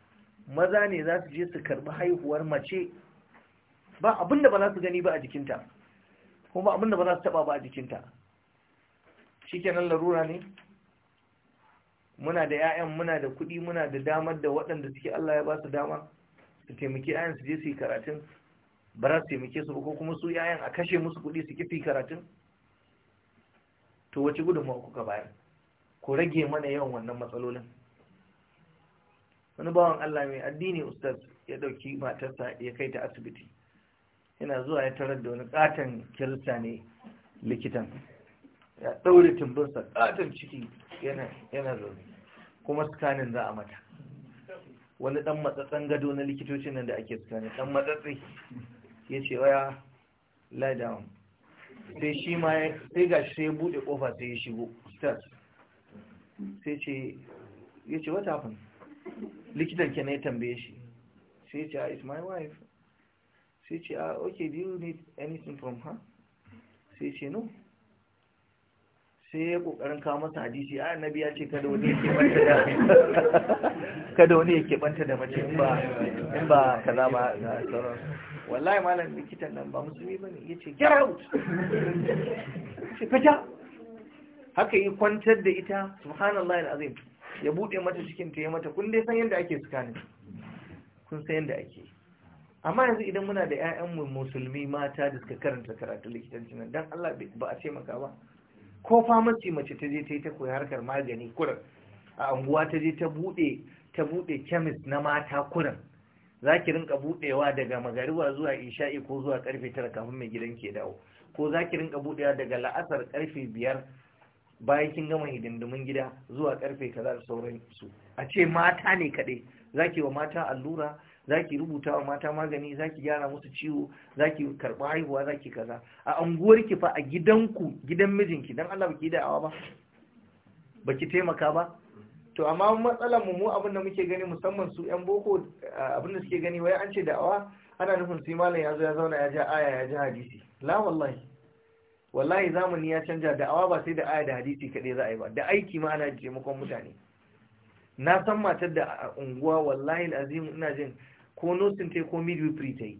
maza ne za su je su karbi haihuwar mace ba abinda ba za su gani ba a jikinta kuma abinda ba za su taba ba a jikinta shi kenan larura ne muna da 'ya'yan muna da kuɗi muna da damar da waɗanda suke Allah ya ba su dama su taimaki ƴaƴan su je su yi karatun ba za su taimake su ba ko kuma su 'ya'yan a kashe musu kuɗi su kifi karatun to wace gudunmawa kuka bayar ku rage mana yawan wannan matsalolin wani bawan Allah mai addini ustaz ya ɗauki matarsa ya kai ta asibiti yana zuwa ya tarar da wani katon kirista ne likitan ya ɗaure tumbinsa katon ciki yana zaune kuma scanning za a mata wani dan matsatsen gado na likitocin nan da ake scanning dan matsatsi ya ce waya lie down sai shi ma ya sai ga shi ya bude kofa sai ya shigo stars sai ce ya ce what happened likitan ke na ya tambaye shi sai ce ah, it's my wife sai ce ah okay do you need anything from her sai ce no sai ya kokarin kawo masa hadisi a annabi ya ce kada wani yake banta da kada wani yake banta da mace in ba in ba kaza ba da sauran wallahi malam likitan nan ba musulmi bane yace get out shi fita haka yi kwantar da ita subhanallahi alazim ya bude mata cikin ta ya mata kun dai san yadda ake tsakanin kun san yadda ake amma yanzu idan muna da 'ya'yan musulmi mata da suka karanta karatu likitanci nan dan Allah ba a ce maka ba ko famasi mace ta je ta yi ta koyi harkar magani kurin a unguwa ta je ta buɗe ta bude chemist na mata kurin za ki rinka buɗewa daga magariwa zuwa isha'i ko zuwa karfe tara kafin mai gidan ke dawo ko za ki rinka buɗewa daga la'asar karfe biyar bayan kin gama hidindimin gida zuwa karfe kaza da sauransu a ce mata ne kaɗai za ki wa mata allura zaki rubuta wa mata magani zaki gyara musu ciwo zaki karɓa haihuwa zaki kaza a unguwarki fa a gidanku gidan mijinki dan Allah baki da'awa ba baki taimaka ba to amma matsalar mu mu abin da muke gani musamman su yan boko abin da suke gani wai an ce da'awa ana nufin sai malam ya zo ya zauna ya ja aya ya ja hadisi la wallahi wallahi zamani ya canja da'awa ba sai da aya da hadisi kaɗai za a yi ba da aiki ma ana taimakon mutane na san matar da unguwa wallahi al'azim, ina jin ko nursing ta ko midwifery ta yi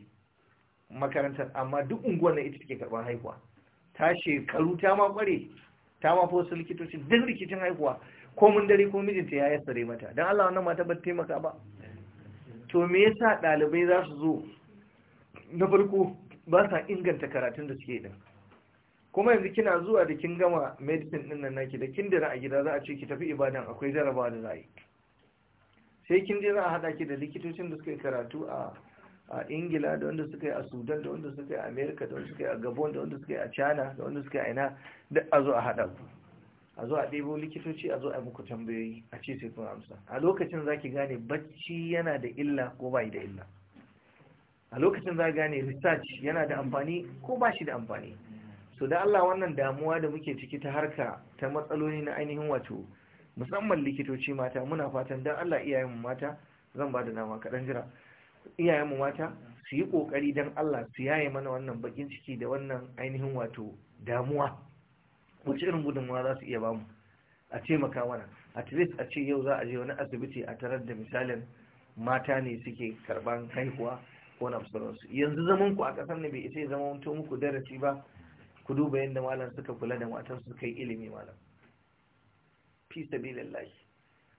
makarantar amma duk unguwar na ita take karɓar haihuwa ta shekaru ta ma kware ta ma fi wasu likitoci duk rikicin haihuwa ko mun dare ko mijinta ya yassare mata don Allah wannan mata ba taimaka ba to me yasa ɗalibai za su zo na farko ba sa inganta karatun da suke din kuma yanzu kina zuwa da kin gama medicine din nan naki da kin dira a gida za a ce ki tafi ibadan akwai jarabawa da za a yi sai kin je za a haɗa ki da likitocin da suka yi karatu a a ingila da wanda suka yi a sudan da wanda suka yi a amerika da wanda suka yi a gabon da wanda suka yi a china da wanda suka yi a ina duk a zo a haɗa ku a zo a ɗebo likitoci a zo a muku tambayoyi a ce sai kun amsa a lokacin za ki gane bacci yana da illa ko ba da illa a lokacin za gane research yana da amfani ko ba shi da amfani so da Allah wannan damuwa da muke ciki ta harka ta matsaloli na ainihin wato musamman likitoci mata muna fatan don Allah iyayenmu mata zan ba da nama kaɗan jira iyayenmu mata su yi ƙoƙari don Allah su yaye mana wannan bakin ciki da wannan ainihin wato damuwa wace irin gudunmawa za su iya bamu a maka mana at least a ce yau za a je wani asibiti a tarar da misalin mata ne suke karban haihuwa ko na su yanzu zaman ku a ƙasar ne bai isa ya zama muku darasi ba ku duba yadda malam suka kula da matan su kai ilimi malam fi sabilillahi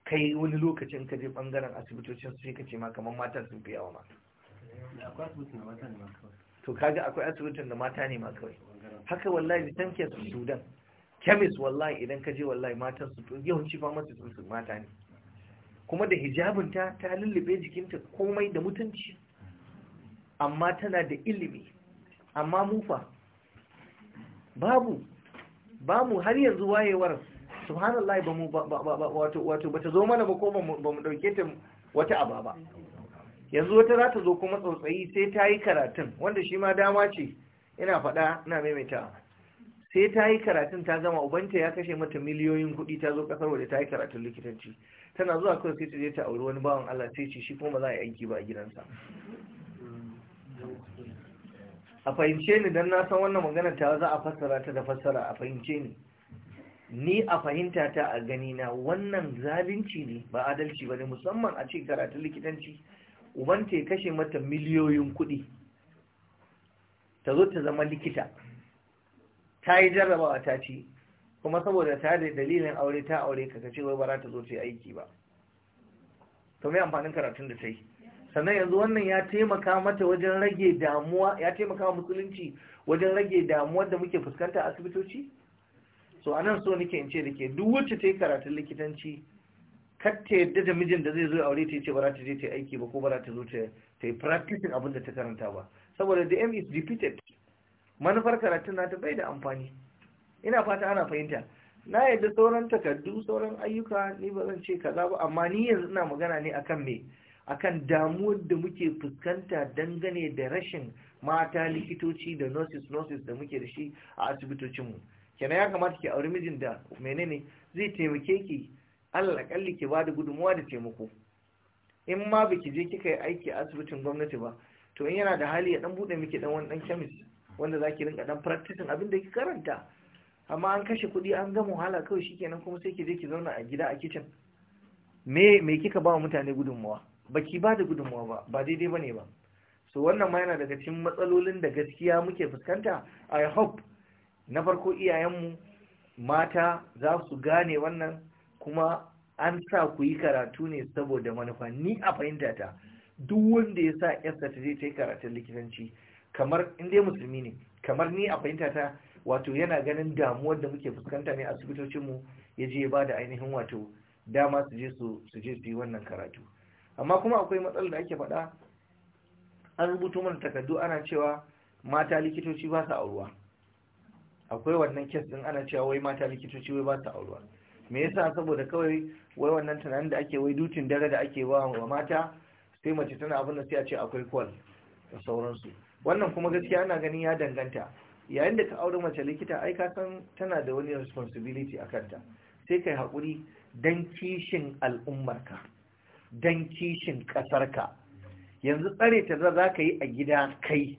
kai wani lokacin ka je bangaren asibitocin su ka ce ma kamar matan sun fi yawa ma to kaga akwai asibitin da mata ne ma kawai haka wallahi da tanke su sudan kemis wallahi idan ka je wallahi matan su yawanci ba masu su mata ne kuma da hijabinta ta lullube jikinta komai da mutunci amma tana da ilimi amma mufa babu ba mu har yanzu wayewar subhanallah ba mu wato wato bata zo mana ba ko ba mu dauke ta wata aba ba yanzu wata za ta zo kuma tsautsayi sai ta yi karatun wanda shi ma dama ce ina faɗa ina maimaita sai ta yi karatun ta gama ubanta ya kashe mata miliyoyin kuɗi ta zo ƙasar waje ta yi karatun likitanci tana zuwa kawai sai ta je ta auri wani bawan Allah sai ce shi kuma za a yi aiki ba a gidansa a fahimce ni don na san wannan magana ta za a fassara ta da fassara a fahimce ni ni a fahimta ta a gani na wannan zabinci ne ba adalci ba ne musamman a ce karatun likitanci uban ta kashe mata miliyoyin kuɗi ta zo ta zama likita ta yi jarrabawa ta ci kuma saboda ta da dalilin aure ta aure ka ce ba ta zo ta yi aiki ba to mai amfanin karatun da ta yi sannan yanzu wannan ya taimaka mata wajen rage damuwa ya taimaka musulunci wajen rage damuwa da muke fuskanta a asibitoci so anan so nake in ce da ke duk wacce ta yi karatun likitanci kar ta yadda da mijin da zai zo aure ta ce ba za ta je ta yi aiki ba ko ba za ta zo ta yi practicing abin da ta karanta ba saboda the aim is repeated manufar karatun nata bai da amfani ina fata ana fahimta na yadda sauran takardu sauran ayyuka ni ba zan ce kaza ba amma ni yanzu ina magana ne akan me akan damuwar da muke fuskanta dangane da rashin mata likitoci da nurses nurses da muke da shi a asibitocinmu kenan ya kamata ke auri mijin da menene zai taimake ki Allah kalli ki da gudunmuwa da taimako in ma biki je kika yi aiki a asibitin gwamnati ba to in yana da hali ya dan bude miki dan wani dan chemist wanda zaki rinka dan practicing abin da ki karanta amma an kashe kuɗi an gama wahala kawai shikenan kuma sai ki je ki zauna a gida a kitchen me me kika ba mutane gudunmuwa baki ba da gudunmuwa ba ba daidai bane ba so wannan ma yana daga cikin matsalolin da gaskiya muke fuskanta i hope na farko iyayenmu mata za su gane wannan kuma an sa ku yi karatu ne saboda manufa ni a fahimta ta duk wanda ya sa yarsa ta je ta yi karatun likitanci kamar inda musulmi ne kamar ni a fahimta ta wato yana ganin damuwar da muke fuskanta ne a asibitocinmu ya je ba da ainihin wato dama su je su je su yi wannan karatu amma kuma akwai matsalar da ake faɗa an rubuto mana takardu ana cewa mata likitoci ba su auruwa akwai wannan kes din ana cewa wai mata likitoci wai ba su auruwa me yasa saboda kawai wai wannan tunanin da ake wai dutin dare da ake ba wa mata sai mace tana abin da sai a ce akwai kwal da sauransu wannan kuma gaskiya ana ganin ya danganta yayin da ka aure mace likita ai ka san tana da wani responsibility a kanta sai kai hakuri dan kishin al'ummarka dan kishin ƙasarka yanzu tsare ta za ka yi a gida kai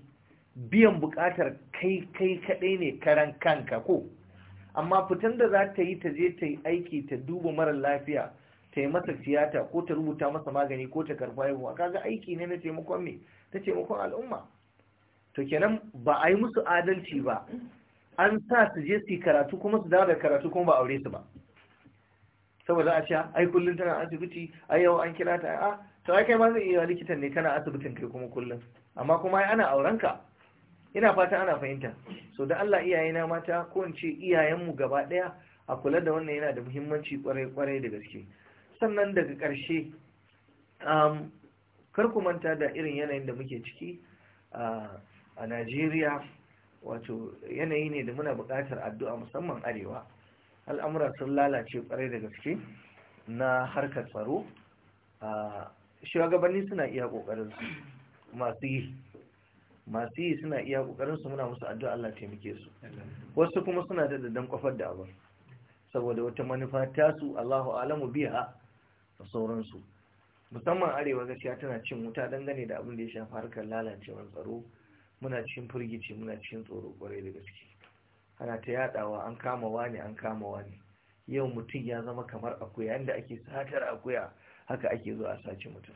biyan buƙatar kai kai kaɗai ne karan kanka ko amma fitan da za ta yi ta je ta yi aiki ta duba mara lafiya ta yi masa tiyata ko ta rubuta masa magani ko ta karfa haihuwa kaga aiki ne na taimakon me ta taimakon al'umma to kenan ba a yi musu adalci ba an sa su je su karatu kuma su dawo da karatu kuma ba aure su ba saboda a ce ai kullum tana asibiti A yau an kira ta a to ai kai ma zai iya likitan ne kana asibitin kai kuma kullum amma kuma ai ana auren ka ina fata ana fahimta so da Allah na mata ko in ce iyayenmu gaba daya, a kula da wannan yana da muhimmanci kwarai-kwarai da gaske sannan daga karshe, um, kar ku manta da irin yanayin da muke ciki a Najeriya wato yanayi ne da muna buƙatar addu'a musamman arewa al'amura sun lalace kwarai da gaske na harkar tsaro shugabanni suna iya ƙoƙarin masu yi masu yi suna iya kokarin muna musu addu'a Allah taimake su wasu kuma suna da dadan kofar da abin saboda wata manufa ta su Allahu alamu biha da sauransu musamman arewa gaskiya tana cin wuta dangane da abin da ya shafi harkar lalacewar tsaro muna cikin firgici muna cikin tsoro kwarai da gaske ana ta yadawa an kama wani an kama wani yau mutum ya zama kamar akuya yanda ake satar akuya haka ake zuwa a sace mutum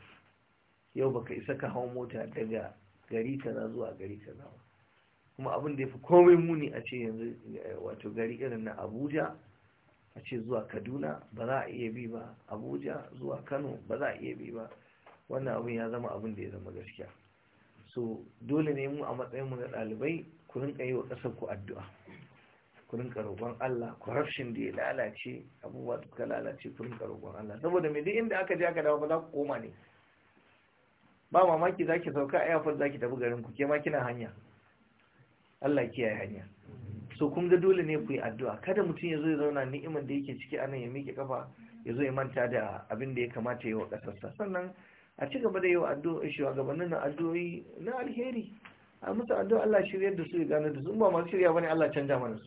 yau baka isa ka hau mota daga gari kaza zuwa gari kaza kuma abin da ya fi komai muni a ce yanzu eh, wato gari irin na abuja a ce zuwa kaduna ba za a iya bi ba abuja zuwa kano ba za a iya bi ba wannan abin ya zama abin da ya zama gaskiya so dole ne mu a matsayin mu na ɗalibai ku rinka yi wa kasar ku addu'a ku rinka roƙon Allah corruption da ya lalace abubuwa da lalace ku rinka roƙon Allah saboda me duk inda aka je aka dawo ba za ku koma ne ba mamaki za ki sauka a yafar za ki tafi garin ku ke ma kina hanya Allah kiyaye hanya so kun ga dole ne ku yi addu'a kada mutum ya zo ya zauna ni'imar da yake ciki anan ya miƙe kafa ya zo ya manta da abin da ya kamata ya wa ƙasarsa sannan a ci gaba da yi wa addu'a gabanin na addu'o'i na alheri a musu addu'a Allah shiryar da su ya gane da su ba masu shirya bane Allah canja mana su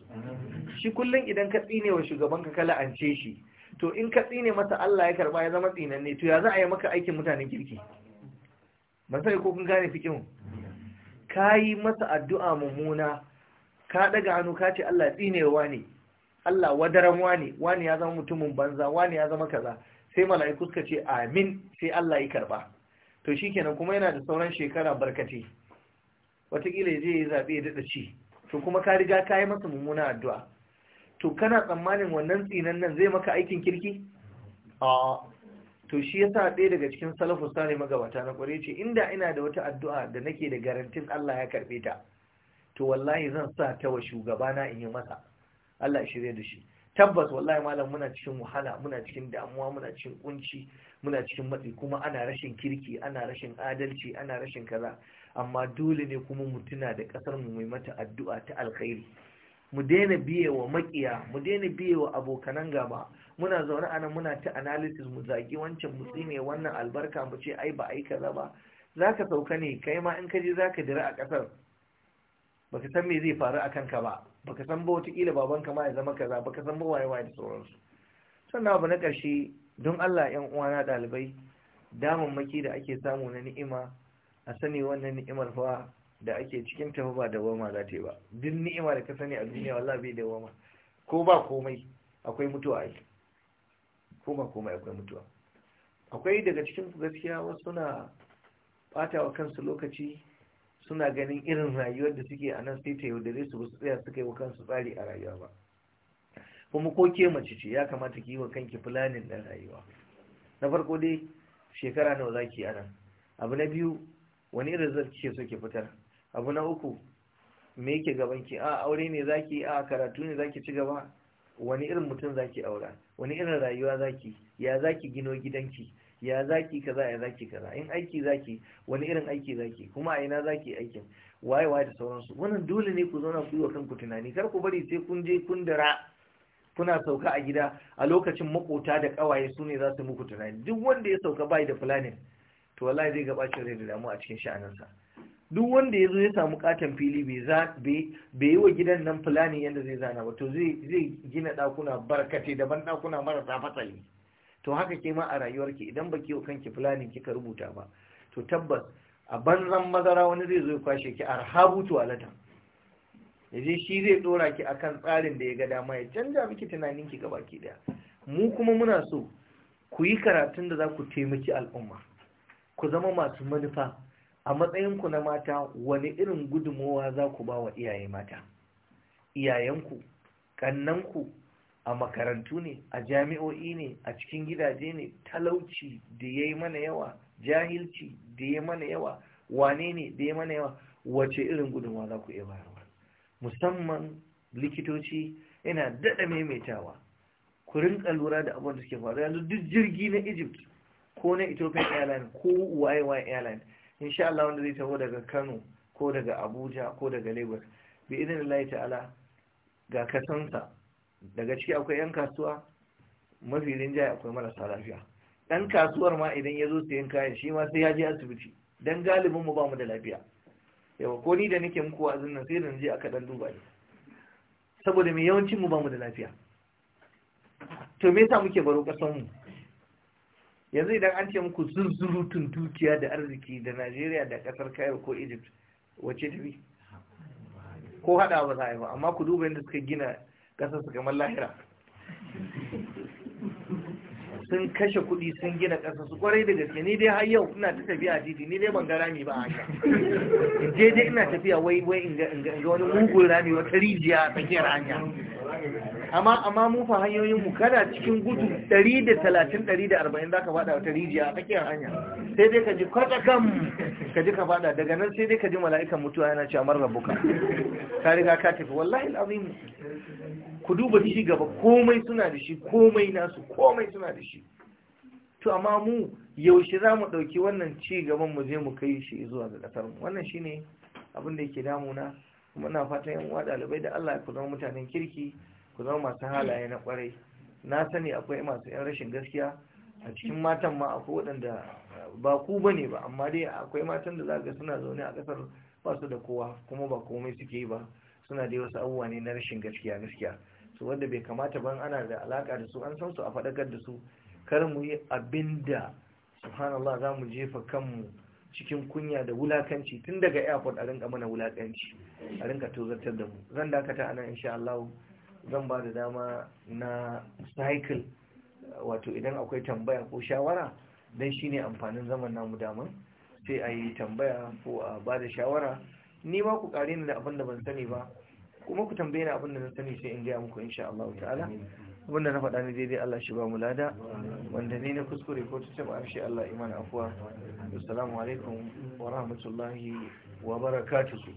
shi kullum idan ka tsine wa shugaban ka kala an ce shi to in ka tsine masa Allah ya karba ya zama tsinanne to ya za a yi maka aikin mutanen kirki ban sai ko kun gane fikin ka yi masa addu'a mumuna. ka daga hannu ka ce Allah tsinewa ne Allah wadaran wani wani ya zama mutumin banza wani ya zama kaza sai mala'iku suka ce amin sai Allah ya karba to shi kenan kuma yana da sauran shekara barkace watakila ya je ya zabe ya dada ci to kuma ka riga ka yi masa mummuna addu'a to kana tsammanin wannan tsinan nan zai maka aikin kirki a to shi yasa ɗaya daga cikin salafu Sani magabata na kware ce inda ina da wata addu'a da nake da garantin Allah ya karɓe ta to wallahi zan sa ta wa shugabana in yi masa Allah shirye da shi tabbas wallahi malam muna cikin wahala muna cikin damuwa muna cikin kunci muna cikin matsi kuma ana rashin kirki ana rashin adalci ana rashin kaza amma dole ne kuma mu tuna da kasar mu mai mata addu'a ta alkhairi mu daina biye wa makiya mu daina biye wa abokanan gaba muna zaune a nan muna ta analysis mu zagi wancan mutsi ne wannan albarka mu ce ai ba ai kaza ba zaka sauka ne kai ma in ka je zaka dira a kasar baka san me zai faru akan ka ba baka san ba wata kila babanka ma ya zama kaza baka san ba waye waye da sauransu sannan abu na ƙarshe don Allah ‘yan uwana ɗalibai damammaki da ake samu na ni'ima a sani wannan ni'imar fa da ake cikin tafi ba da wama za ta yi ba duk ni'ima da ka sani a duniya wallahi bai da wama ko ba komai akwai mutuwa aiki Koma, koma, akwai mutuwa akwai daga cikin gaskiya wasu suna bata wa kansu lokaci suna ganin irin rayuwar da suke a nan sai ta yaudare su wasu tsaya suka yi wa kansu tsari a rayuwa ba kuma ko ke mace ce ya kamata ki yi wa kanki fulanin na rayuwa na farko dai shekara nawa za ki nan abu na biyu wani irin zar ke so ki fitar abu na uku me yake gaban ki a aure ne za ki a karatu ne za ki ci gaba wani irin mutum zaki aura wani irin rayuwa zaki ya zaki gino gidanki ya zaki kaza ya zaki kaza in aiki zaki wani irin aiki zaki kuma a ina zaki aikin waye waye da sauransu wannan dole ne ku zauna ku yi wa kanku tunani kar ku bari sai kun je kun dara kuna sauka a gida a lokacin makota da kawaye su ne za su muku tunani duk wanda ya sauka bai da planning to wallahi zai ga da damuwa a cikin sha'aninsa duk wanda ya zo ya samu katon fili bai yi wa gidan nan fulani yadda zai zana ba to zai gina ɗakuna barkate daban ɗakuna marasa fasali to haka ke ma a rayuwarki idan ba kiwo kanki fulani kika rubuta ba to tabbas a banzan mazara wani zai zo ya kwashe ki arhabu tuwalatan ya je shi zai ɗora ki a kan tsarin da ya ga dama ya canja miki tunanin ki ga baki ɗaya mu kuma muna so ku yi karatun da za ku taimaki al'umma ku zama masu manufa a matsayinku na mata wani irin gudunmowa za ku ba wa iyaye mata iyayenku kannanku a makarantu ne a jami'o'i ne a cikin gidaje ne talauci da ya yi mana yawa jahilci da ya mana yawa wane ne da ya mana yawa wace irin gudunmawa za ku iya bayarwa musamman likitoci yana daɗa maimaitawa ku rinka lura da abin da suke faru yanzu duk jirgi na egypt ko na ethiopian Airlines ko waye Airlines. airline insha Allah wanda zai taho daga Kano ko daga Abuja ko daga Lagos bi idinillahi ta'ala ga kasansa daga ciki akwai yan kasuwa mafi rinjaye akwai marasa lafiya dan kasuwar ma idan ya zo sayan kayan shi ma sai ya je asibiti dan galibin mu ba mu da lafiya yawa ko ni da nake muku wa'azin nan sai da je aka dan duba ni saboda me yawancin mu ba mu da lafiya to me yasa muke baro kasan mu yanzu idan an ce muku zurzurutun dukiya da arziki da najeriya da kasar cairo ko egypt wace tafi ko hada ba za a yi ba amma ku duba yadda suka gina kasar su kamar lahira sun kashe kudi sun gina kasar su kwarai da gaske ni dai har yau ina ta tafiya a titi ni dai ban ga rami ba a haka je dai ina tafiya wai wai in ga wani mugun rami wata rijiya a tsakiyar hanya amma amma mu fa hanyoyin mu kana cikin gudu 130 140 ka fada wata rijiya a tsakiyar hanya sai dai ka ji kwatsakan ka ji ka fada daga nan sai dai ka ji mala'ikan mutuwa yana cewa mar rabbuka ka riga ka tafi wallahi alazim ku duba shi gaba komai suna da shi komai nasu komai suna da shi to amma mu yaushe za mu ɗauki wannan ci gaban mu je mu kai shi zuwa ga ƙasar mu wannan shine abin da yake damuna kuma na fatan yan uwa ɗalibai da Allah ya kula mutanen kirki ku zama masu halaye na kwarai na sani akwai masu yan rashin gaskiya a cikin matan ma akwai waɗanda ba ku ba ne ba amma dai akwai matan da zaga suna zaune a kasar ba su da kowa kuma ba komai suke yi ba suna da wasu abubuwa ne na rashin gaskiya gaskiya su wanda bai kamata ban ana da alaka da su an san su a faɗakar da su kar mu yi abin da subhanallah za mu jefa kanmu cikin kunya da wulakanci tun daga airport a rinka mana wulakanci a rinka tozartar da mu zan dakata a nan insha Allah zan ba da dama na cycle wato idan akwai tambaya ko shawara don shi ne amfanin zaman namu daman sai a yi tambaya ko a ba da shawara ni ba ku kare ni da abin da ban sani ba kuma ku tambaye ni abin da na sani sai in gaya muku insha Allah ta'ala abin da na faɗa ni daidai Allah shi ba mu lada wanda ne na kuskure ko ta taɓa harshe Allah iman afuwa assalamu alaikum wa rahmatullahi wa barakatuhu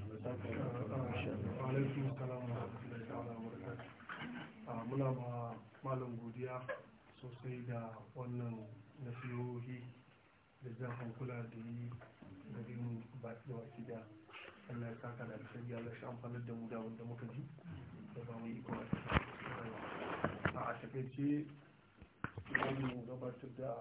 muna ba malam godiya sosai da wannan nasihohi da zan hankula da yi da rin baki da baki da ya saka da alfari Allah shi amfanar da mu da wanda muka ji da ba mu yi iko a takaice za mu gabatar da